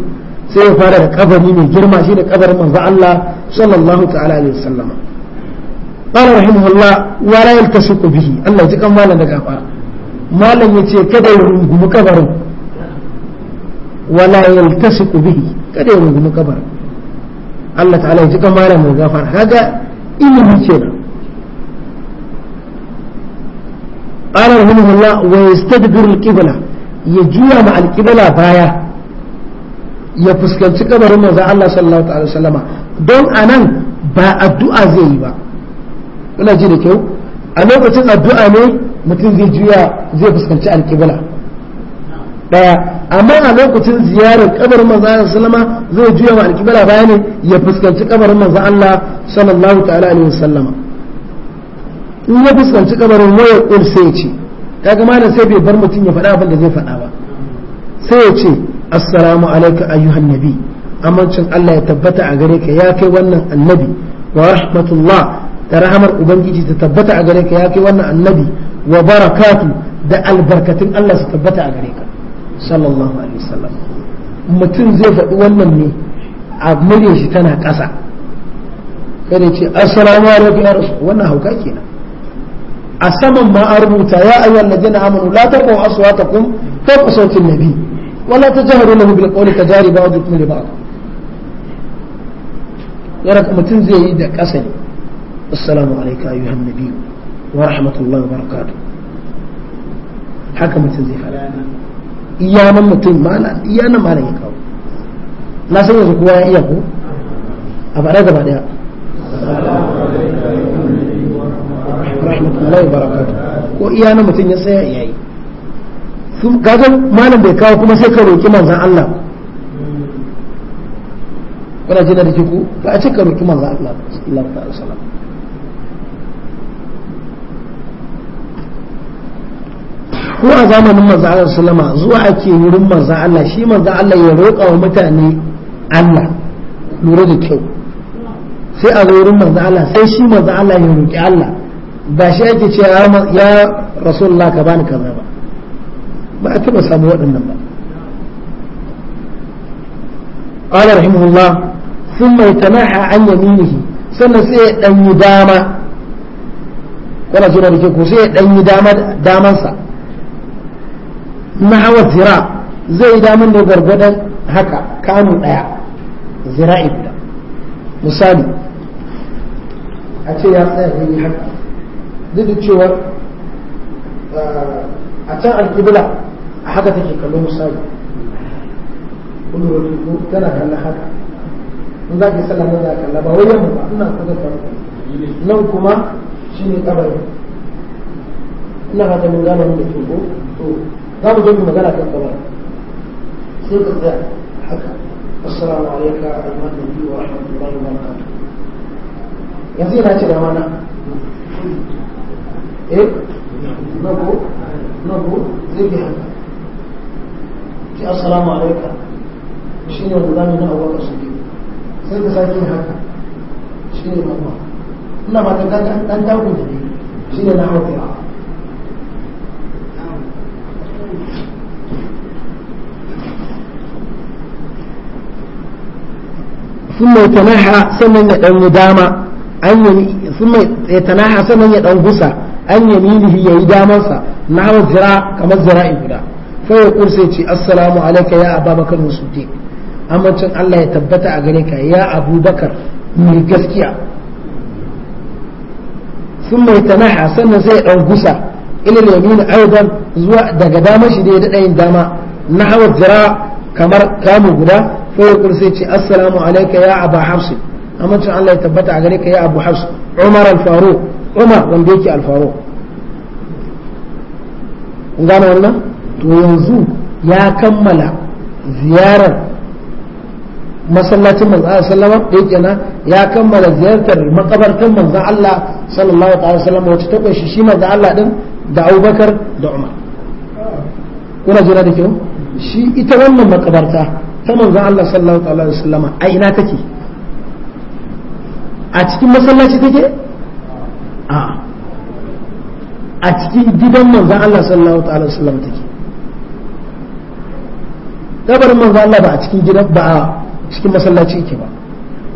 sai ya fara da kabari mai girma shi da kabarin manzo Allah sallallahu ta'ala alaihi wasallam qala rahimahullah wa la yaltasiqu bihi Allah ji kan malam daga gafara malam yace kada ya rungumi kabarin wala yaltasiqu bihi kada ya rungumi kabar Allah ta'ala ya ji kamara mai gafara kaga ilimi kenan قال رحمه الله ya juya ma مع القبلة بايا ya fuskanci kabarin manzo Allah sallallahu alaihi wasallama don anan ba addu'a zai yi ba kuna ji da kyau a lokacin addu'a ne mutum zai juya zai fuskanci alkibla daya amma a lokacin ziyarar kabarin manzo Allah sallama zai juya wa alkibla baya ne ya fuskanci kabarin manzo Allah sallallahu ta'ala alaihi wasallama in ya fuskanci kabarin waya kul sai ya ce kaga malam sai bai bar mutum ya faɗa abin da zai faɗa ba sai ya ce assalamu alayka ayyuhan nabi amincin Allah ya tabbata a gare ka ya kai wannan annabi wa rahmatullah da rahamar ubangiji ta tabbata a gare ka ya kai wannan annabi wa barakatu da albarkatun Allah su tabbata a gare ka sallallahu alaihi wasallam mutum zai faɗi wannan ne a mure shi tana ƙasa kada ce assalamu alaikum ya rasul wannan hauka kenan a saman ma an rubuta ya ayyuhal ladina amanu la taqu aswatakum ta sawti an-nabi wa la tajharu lahu bil qawli tajari ba'dukum li ba'd yara mutum zai yi da ƙasa ne assalamu alayka ayyuhan nabi wa rahmatullahi wa barakatuh haka mutum zai fara iyanan mutum malam iya nan malam ya kawo na san yanzu kowa ya iya ko a faɗa gaba daya ko iyanan mutum ya tsaya yayi kaga malam bai kawo kuma sai ka roƙi manzan Allah kana jina da ku ba a ce ka roki manzon Allah sallallahu alaihi wasallam ko a zamanin manzo Allah sallama zuwa ake wurin manzo Allah shi manzo Allah ya roƙa wa mutane Allah lura da kyau sai a zo wurin manzo Allah sai shi manzo Allah ya roƙi Allah ba shi ake ce ya rasulullah ka bani kaza ba ba a taba samu waɗannan ba قال رحمه الله ثم يتناحى عن يمينه sannan sai ya ɗanyi dama kuna jira da ke ko sai ya ɗanyi damansa na hawa zira zai damun ne gwargwadon haka kamu daya zira'i guda misali a ce ya tsaya zai yi haka duk da cewa eh, a can alƙibla a haka take kallon misali kuma wani tana kallon haka in za ki yi sallah za kalla ba wai yamma ba ina kusa farko nan kuma shine kabari ina fata mun gane mun da ke ko to قالوا جنب مجالة الضمان سيد الزاء حكى السلام عليك أيها النبي ورحمة الله وبركاته يزيد هاتي الأمانة إيه؟ نبو نبو زي بها في السلام عليك مشين يا مدام هنا أول أصدقين سيد سايكين حكى مشين يا مدام إنما تنتهي من جديد مشين يا نحو في العالم ثم يتناحى سنة يدعو داما ثم يتناحى سنة يدعو غسا أن يمينه يهدى يدامنسا نحو الزراع كما الذراع الأولى فيقول سيتي السلام عليك يا أبا بكر الصديق أما تن الله يتبت عليك يا أبو بكر من الجسكية ثم يتناحى سنة سيدعو غسا ila yamin aidan zuwa daga dama shi dai da yin dama na hawa jira kamar kamu guda fa yaqul sai ce ya aba hafs amma cin Allah ka ya abu hafs umar al-faruq umar wanda yake al-faruq kun gane wannan yanzu ya kammala ziyarar masallacin manzo na ya kammala ziyartar makabartar manzo sallallahu alaihi wacce ta kunshi shi manzo Allah din da abubakar da umar kuna jira da kyau shi ita wannan makabarta ta manzo Allah sallallahu alaihi wasallama a ina take a cikin masallaci take a a cikin gidan manzo Allah sallallahu alaihi wasallama take kabarin manzo Allah ba a cikin gidan ba a cikin masallaci yake ba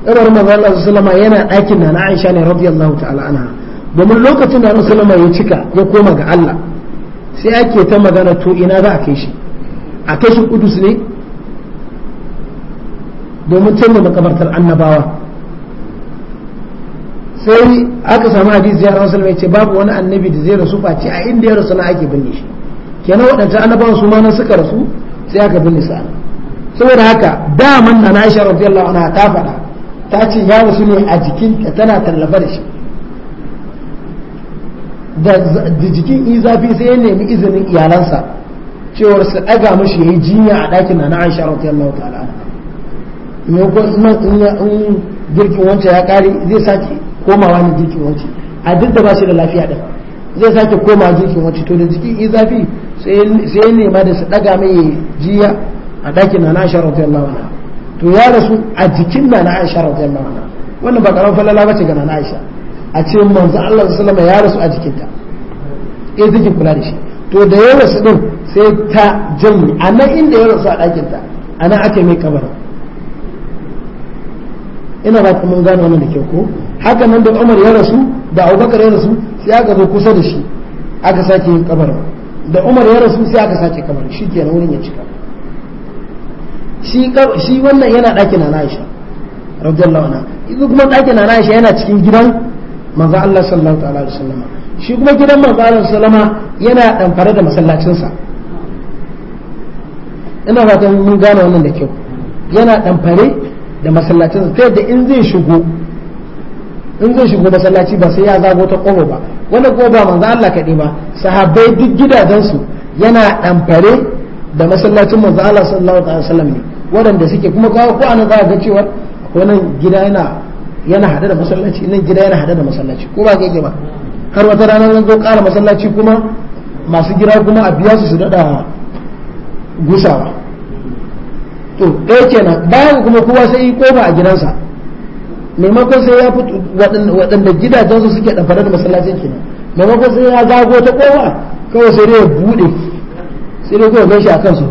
kabarin manzo Allah sallallahu alaihi wasallama yana ɗakin na Aisha ne radiyallahu ta'ala anha domin lokacin da musulma ya cika ya koma ga Allah sai ake ta magana to ina za a kai shi a kai shi kudus ne domin canza makabartar annabawa sai aka samu hadisi ya rasul mai ce babu wani annabi da zai rasu face a inda ya rasu na ake binne shi kenan waɗancan annabawa su ma suka rasu sai aka binne su saboda haka daman na Aisha radiyallahu anha ta faɗa ta ce ya rasu ne a jikinka tana tallafa da shi da jikin yi zafi sai ya nemi izinin iyalansa cewar su ɗaga mashi ya yi jinya a ɗakin na Aisha radiyallahu ta'ala in girkin wancan ya ƙare zai sake komawa ne girkin wancan a duk da ba shi da lafiya ɗin zai sake komawa girkin wancan to da jikin yi zafi sai ya nema da su ɗaga mai jiya a ɗakin na Aisha radiyallahu anha to ya rasu a jikin na Aisha radiyallahu anha wannan ba karamar falala ce ga na Aisha a ce manzo Allah sallama ya rasu a jikinta ya eh, take kula da shi to da ya rasu din sai ta janye a nan inda ya rasu a ɗakinta a nan aka mai kabarin ina ba ta mun gano wannan da kyau ko haka nan da Umar ya rasu da Abubakar ya rasu sai aka zo kusa da shi aka sake yin kabarin da Umar ya rasu sai aka sake kabarin shi kenan wurin ya cika shi wannan yana ɗakin na Aisha rabbi anha idan kuma ɗakin na Aisha yana cikin gidan manzo Allah sallallahu ta'ala alaihi wasallam shi kuma gidan manzo Allah sallama yana damfare da masallacinsa ina fatan mun gane wannan da kyau yana damfare da masallacinsa ta yadda in zai shigo in zai shigo masallaci ba sai ya zago ta kofa ba wanda kuma ba manzo Allah kaɗai ba sahabbai duk gidajensu yana damfare da masallacin manzo Allah sallallahu alaihi wasallam ne waɗanda suke kuma kawo ko an za ga cewa akwai nan gida yana yana hada da masallaci nan gida yana hada da masallaci ko ba kai ba har wata rana nan zo ƙara masallaci kuma masu gida kuma a biya su su daɗa gusawa to ɗaya kenan bayan kuma kowa sai yi kofa a gidansa maimakon sai ya fito waɗanda gidajensu suke ɗanfare da masallacin kenan maimakon sai ya zago ta kofa kawai sai dai ya buɗe sai dai kawai gan shi a kan su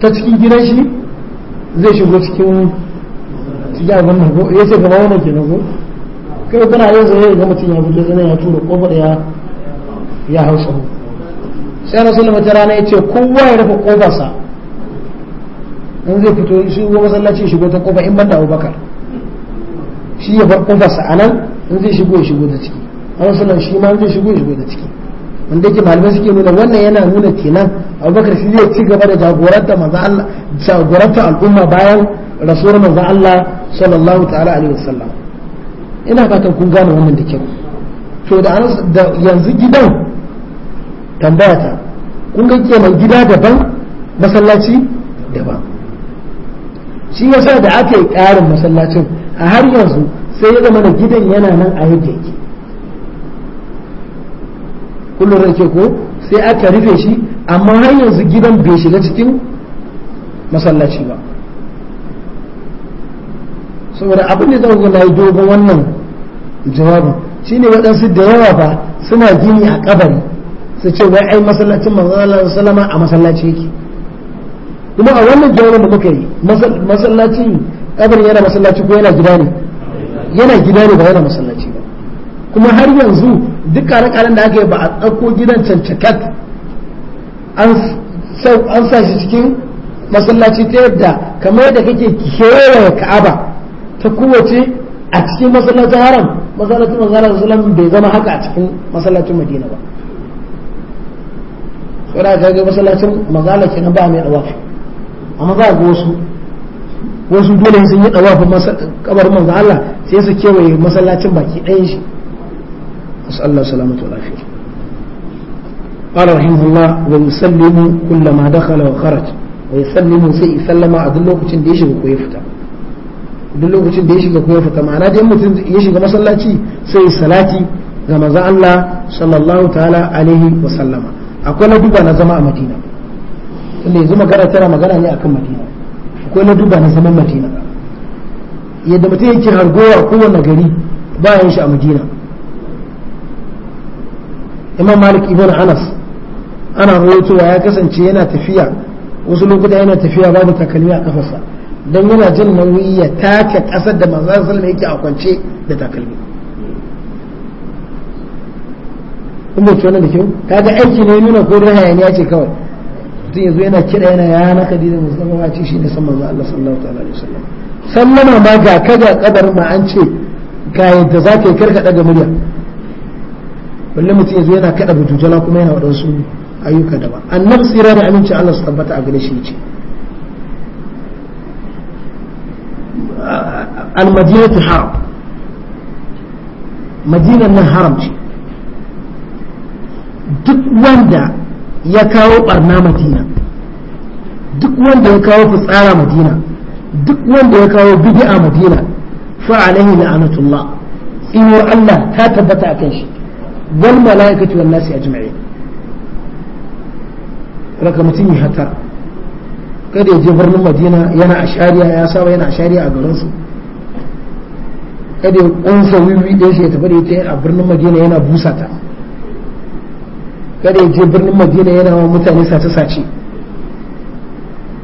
ta cikin gidan shi zai shigo cikin cikin abin nan ko ya ce gaba wannan kenan ko kai kana yau zai ga mutum ya fito zana ya tura da ya ya hausa sai rasul mata rana ya ce kowa ya rufe kofarsa in zai fito shi ko masallaci shigo ta kofa in banda abubakar shi ya bar kofarsa a nan in zai shigo ya shigo da ciki a wasu nan shi ma zai shigo ya shigo da ciki wanda yake malamai suke nuna wannan yana nuna kenan abubakar shi zai ci gaba da jagoranta manzo Allah jagoranta al'umma bayan rasuwar manzo Allah sallallahu ta'ala alaihi wasallam ina fatan kun gane wannan da kyau to da yanzu gidan tambaya ta kun ga mai gida daban masallaci daban shi yasa da aka yi ƙarin masallacin a har yanzu sai ya zama gidan yana nan a yadda yake kullum rake ko sai aka rufe shi amma har yanzu gidan bai shiga cikin masallaci ba saboda abin da zan na yi dogon wannan jawabin shine waɗansu da yawa ba suna gini a kabari su ce wai ai masallacin manzon salama a masallaci yake kuma a wannan jawabin da muka yi masallacin kabarin yana masallaci ko yana gida ne yana gida ne ba yana masallaci ba kuma har yanzu duk kare-karen da aka yi ba a ɗauko gidan cancakat an sa shi cikin masallaci ta yadda kamar da kake kewaye ka'aba ta kowace a cikin masallacin haram masallacin masallacin salam bai zama haka a cikin masallacin madina ba tsira ta ga masallacin mazala ke ba mai dawafi amma za ga wasu wasu dole sun yi dawafin kabarin manzo Allah sai su kewaye masallacin baki ɗayan shi نسأل الله سلامة والعافية قال رحمه الله ويسلم كلما دخل وخرج ويسلم سي سلم أدلوك تنديش وكويفتا duk lokacin da ya shiga kuma fita ma'ana dai mutum ya shiga masallaci sai salati ga maza Allah sallallahu alaihi wa sallama akwai na na zama a Madina tunda yanzu magana tana magana ne akan Madina akwai na na zaman Madina yadda mutum yake hargowa kowanne gari ba shi a Madina imam malik ibn anas ana rawaitowa ya kasance yana tafiya wasu lokuta yana tafiya ba da takalmi a kafarsa don yana jin nauyi ya take kasar da manzo sallallahu yake a kwance da takalmi in ba wannan da kyau kaga aiki ne nuna ko da hayaniya ce kawai mutum yanzu yana kira yana ya na kadida musamman ma ce shi ne san manzo Allah sallallahu ta'ala alaihi wasallam sallama ma ga kada kadar ma an ce ga yadda za ka yi karka daga murya balle mutum ya zo yana kada bututula kuma yana waɗansu ayyuka daban annabi tsira da aminci Allah su tabbata a gare shi ce al-madinatu haram madinan nan haram ce duk wanda ya kawo barna madina duk wanda ya kawo fitsara madina duk wanda ya kawo bidi'a madina fa alaihi la'anatullah tsinuwar Allah ta tabbata akan shi wal malaikatu wan nasi ajma'in raka mutum ya hata kada ya je birnin madina yana ashariya ya saba yana ashariya a garin su kada ya kunsa wiwi da shi ta tafi da ita a birnin madina yana busata kada ya je birnin madina yana wa mutane sace-sace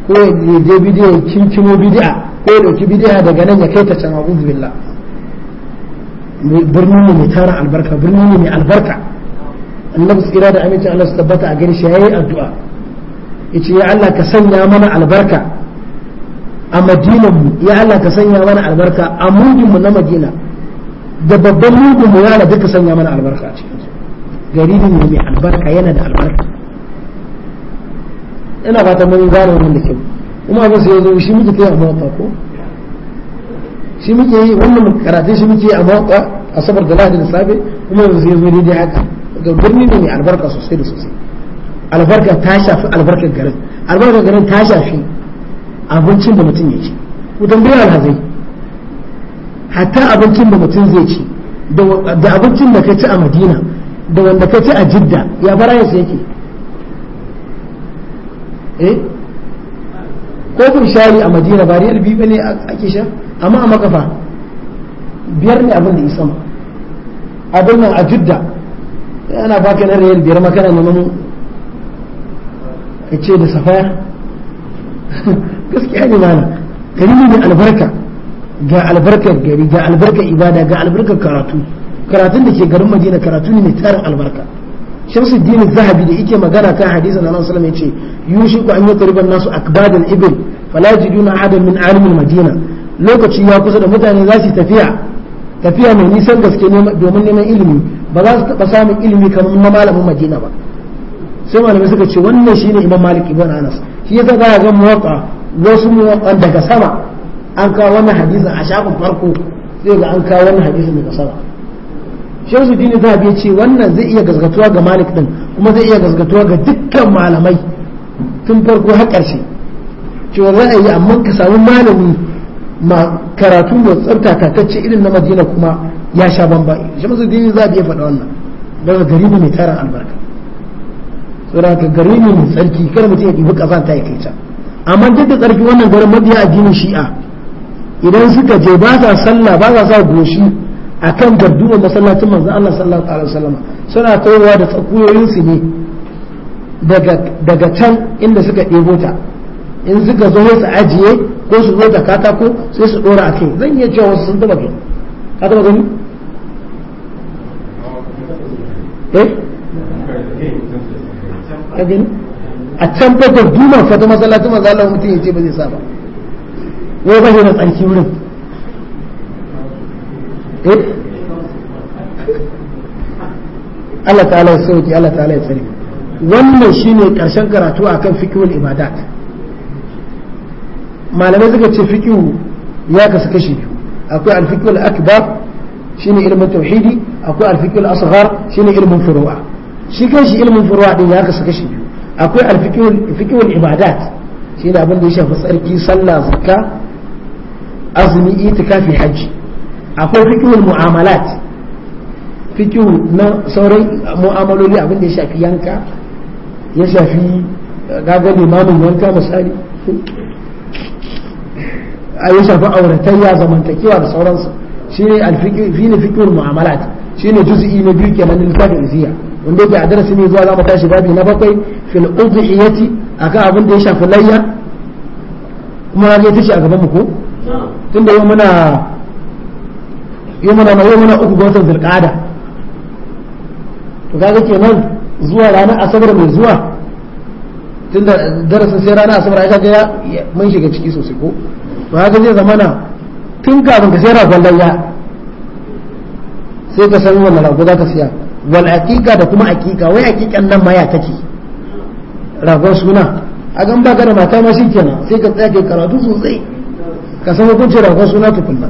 ko ya je bidiya kinkimo bidiya ko ya dauki bidiya daga nan ya kai ta can a billah birni ne mai tara albarka birni ne mai albarka annabi tsira da amincin Allah su tabbata a gani shi yi addu'a yace ya Allah ka sanya mana albarka a madinan mu ya Allah ka sanya mana albarka a mudin mu na madina da babban mudin mu ya Allah duka sanya mana albarka a cikin gari ne mai albarka yana da albarka ina fatan mun gane wannan da kyau kuma abin sai ya zo shi muke kai a mota ko shi muke yi wannan karatun shi muke yi a mawaka a sabar da lahadin safe kuma yanzu ya zo daidai haka ga birni ne mai albarka sosai da sosai albarka ta shafi albarkar garin albarkar garin ta shafi abincin da mutum ya ci ku tambayar alhazai hatta abincin da mutum zai ci da abincin da ka ci a madina da wanda ka ci a jidda ya fara yasa yake eh kofin shari a madina ba riyar biyu ne ake sha amma a makafa biyar ne abin da isa ma a nan a judda ana baka na rayar biyar makana neman ka ce da safaya gaskiya ne mana gari ne albarka ga albarka gari ga albarka ibada ga albarka karatu karatun da ke garin madina karatu ne mai tarin albarka shamsu dini zahabi da yake magana kan hadisin annabi sallallahu alaihi wasallam yace yushiku an yakriban nasu akbadan ibil fala yajiduna ahadan min alimil madina lokaci ya kusa da mutane za su tafiya tafiya mai nisan gaske domin neman ilimi ba za su taɓa samun ilimi kamar na malamin madina ba sai malamai suka ce wannan shi ne imam malik ibn anas shi ya za ga muwatta wasu muwatta daga sama an kawo wannan hadisin a shafin farko sai ga an kawo wannan hadisin daga sama shamsu dini zahabi ya ce wannan zai iya gasgatuwa ga malik din kuma zai iya gasgatuwa ga dukkan malamai tun farko har ƙarshe cewa yi amma ka samu malami ma karatu da tsarka kakacce irin na madina kuma ya sha bamba shi masu dini za a biya faɗa wannan daga gari ne mai tarin albarka saboda ka gari ne mai tsarki kar mutum ya ɗibi ƙasa ta yi kai can amma duk da tsarki wannan garin mabiya addinin shi'a idan suka je ba sa sallah ba sa sa goshi a kan garduwar masallacin manzo Allah sallallahu alaihi wasallam suna kaiwa da tsakuyoyin su ne daga daga can inda suka ɗebo ta in suka zo su ajiye ko su zo da katako sai su dora a kai zan iya cewa wasu sun taba kai ka taba gani eh? gani a can fata duman fata ta masallacin manzo Allah mutum ya ce ba zai sa ba wai ba shi da tsarki wurin eh? Allah ta'ala ya sauki Allah ta'ala ya tsari wannan shine karshen karatu akan fiqhul ibadat malamai suka ce fikihu ya kasu kashi biyu akwai al-fiqhu al-akbar shine ilmin tauhidi akwai al-fiqhu al-asghar shine ilmin furu'a shi kanshi ilmin furu'a din ya kasu kashi biyu akwai al-fiqhu al-ibadat shine abin da ya shafi tsarki sallah zakka azumi itikafi hajji akwai fiqhu muamalat fikihu na sauran mu'amaloli abin da ya shafi yanka ya shafi eh, gaga limamin yanka misali a ya shafi auratayya zamantakewa da sauransu shine alfiqhi ne fiqhul mu'amalat shine juz'i na biyu kenan littafin iziya wanda yake a darasi ne zuwa zamu tashi babi na bakwai fil udhiyati akan abin da ya shafi layya kuma na ga tace a gaban mu ko tunda yau muna yau muna yau muna uku ga watan zulqa'ada to kaga kenan zuwa ranar asabar mai zuwa tunda darasin sai ranar asabar ai kaga ya mun shiga ciki sosai ko ba ka zai zamana tun kafin ka sai ragon layya sai ka san wani rago za ka siya wal aqiqa da kuma aƙiƙa wai aƙiƙan nan ma ya take ragon suna a gan baka da mata ma kenan sai ka tsaya kai karatu sosai ka san hukuncin ragon suna tukun tukunna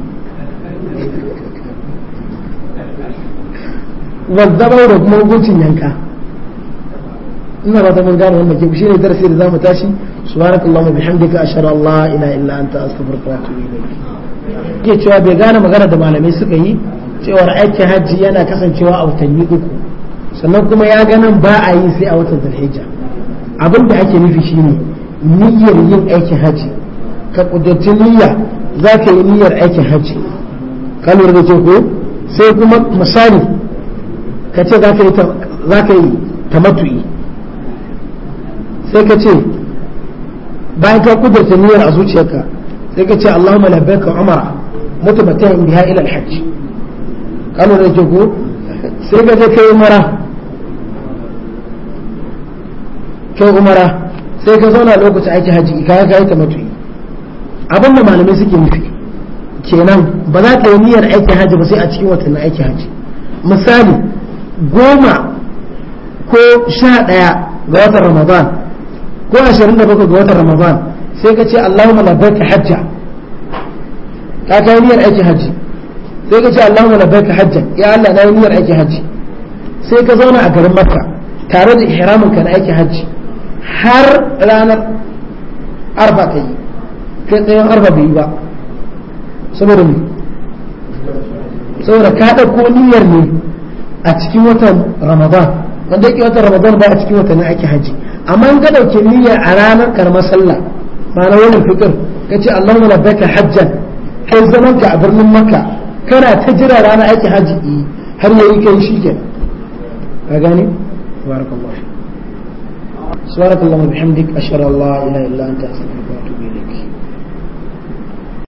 wal da kuma hukuncin yanka ina ba ta mun gane wannan ke shine darasi da zamu tashi subhanakallahumma bihamdika ashhadu an la ilaha illa anta astaghfiruka wa atubu ilayk ke cewa bai gane magana da malamai suka yi cewa aikin hajji yana kasancewa a watanni uku sannan kuma ya ganin ba a yi sai a watan zulhijja abin da ake nufi shine niyyar yin aikin hajji ka kudurci niyya za ka yi niyyar aikin hajji ka lura da ko sai kuma misali ka ce za ka yi tamatu'i sai ka ce bayan ka kudurta niyyar a zuciyarka sai ka ce Allahumma labbaika umara mutabatihan biha ila al-hajj kana da ke ko sai ka je kai umara kai umara sai ka zauna lokacin aiki hajji ka ga ta mutu abin da malamai suke nufi kenan ba za ka yi niyyar aiki hajji ba sai a cikin watannin aiki hajji misali goma ko sha daya ga watan ramadan ko 27 ga watan ramadan sai ka ce allahumma labbaika hajja ka ta niyyar aiki hajji sai ka ce allahumma labbaika hajja ya allah na yi niyyar aiki hajji sai ka zauna a garin makka tare da ihramin ka na aiki hajji har ranar arba ta yi kai tsayin arba bai yi ba saboda mu saboda ka ɗauko niyyar ne a cikin watan ramadan wanda yake watan ramadan ba a cikin watan aiki hajji amma in ka dauke niyya a ranar karamar sallah ma'ana wannan fikir kace Allahumma labbaka hajjan kai zaman ka a birnin Makka kana ta jira ranar aikin haji eh, har yayi kai shike ka gane barakallahu subhanallahi wa bihamdik ashhadu an la ilaha illa anta astaghfiruka wa atubu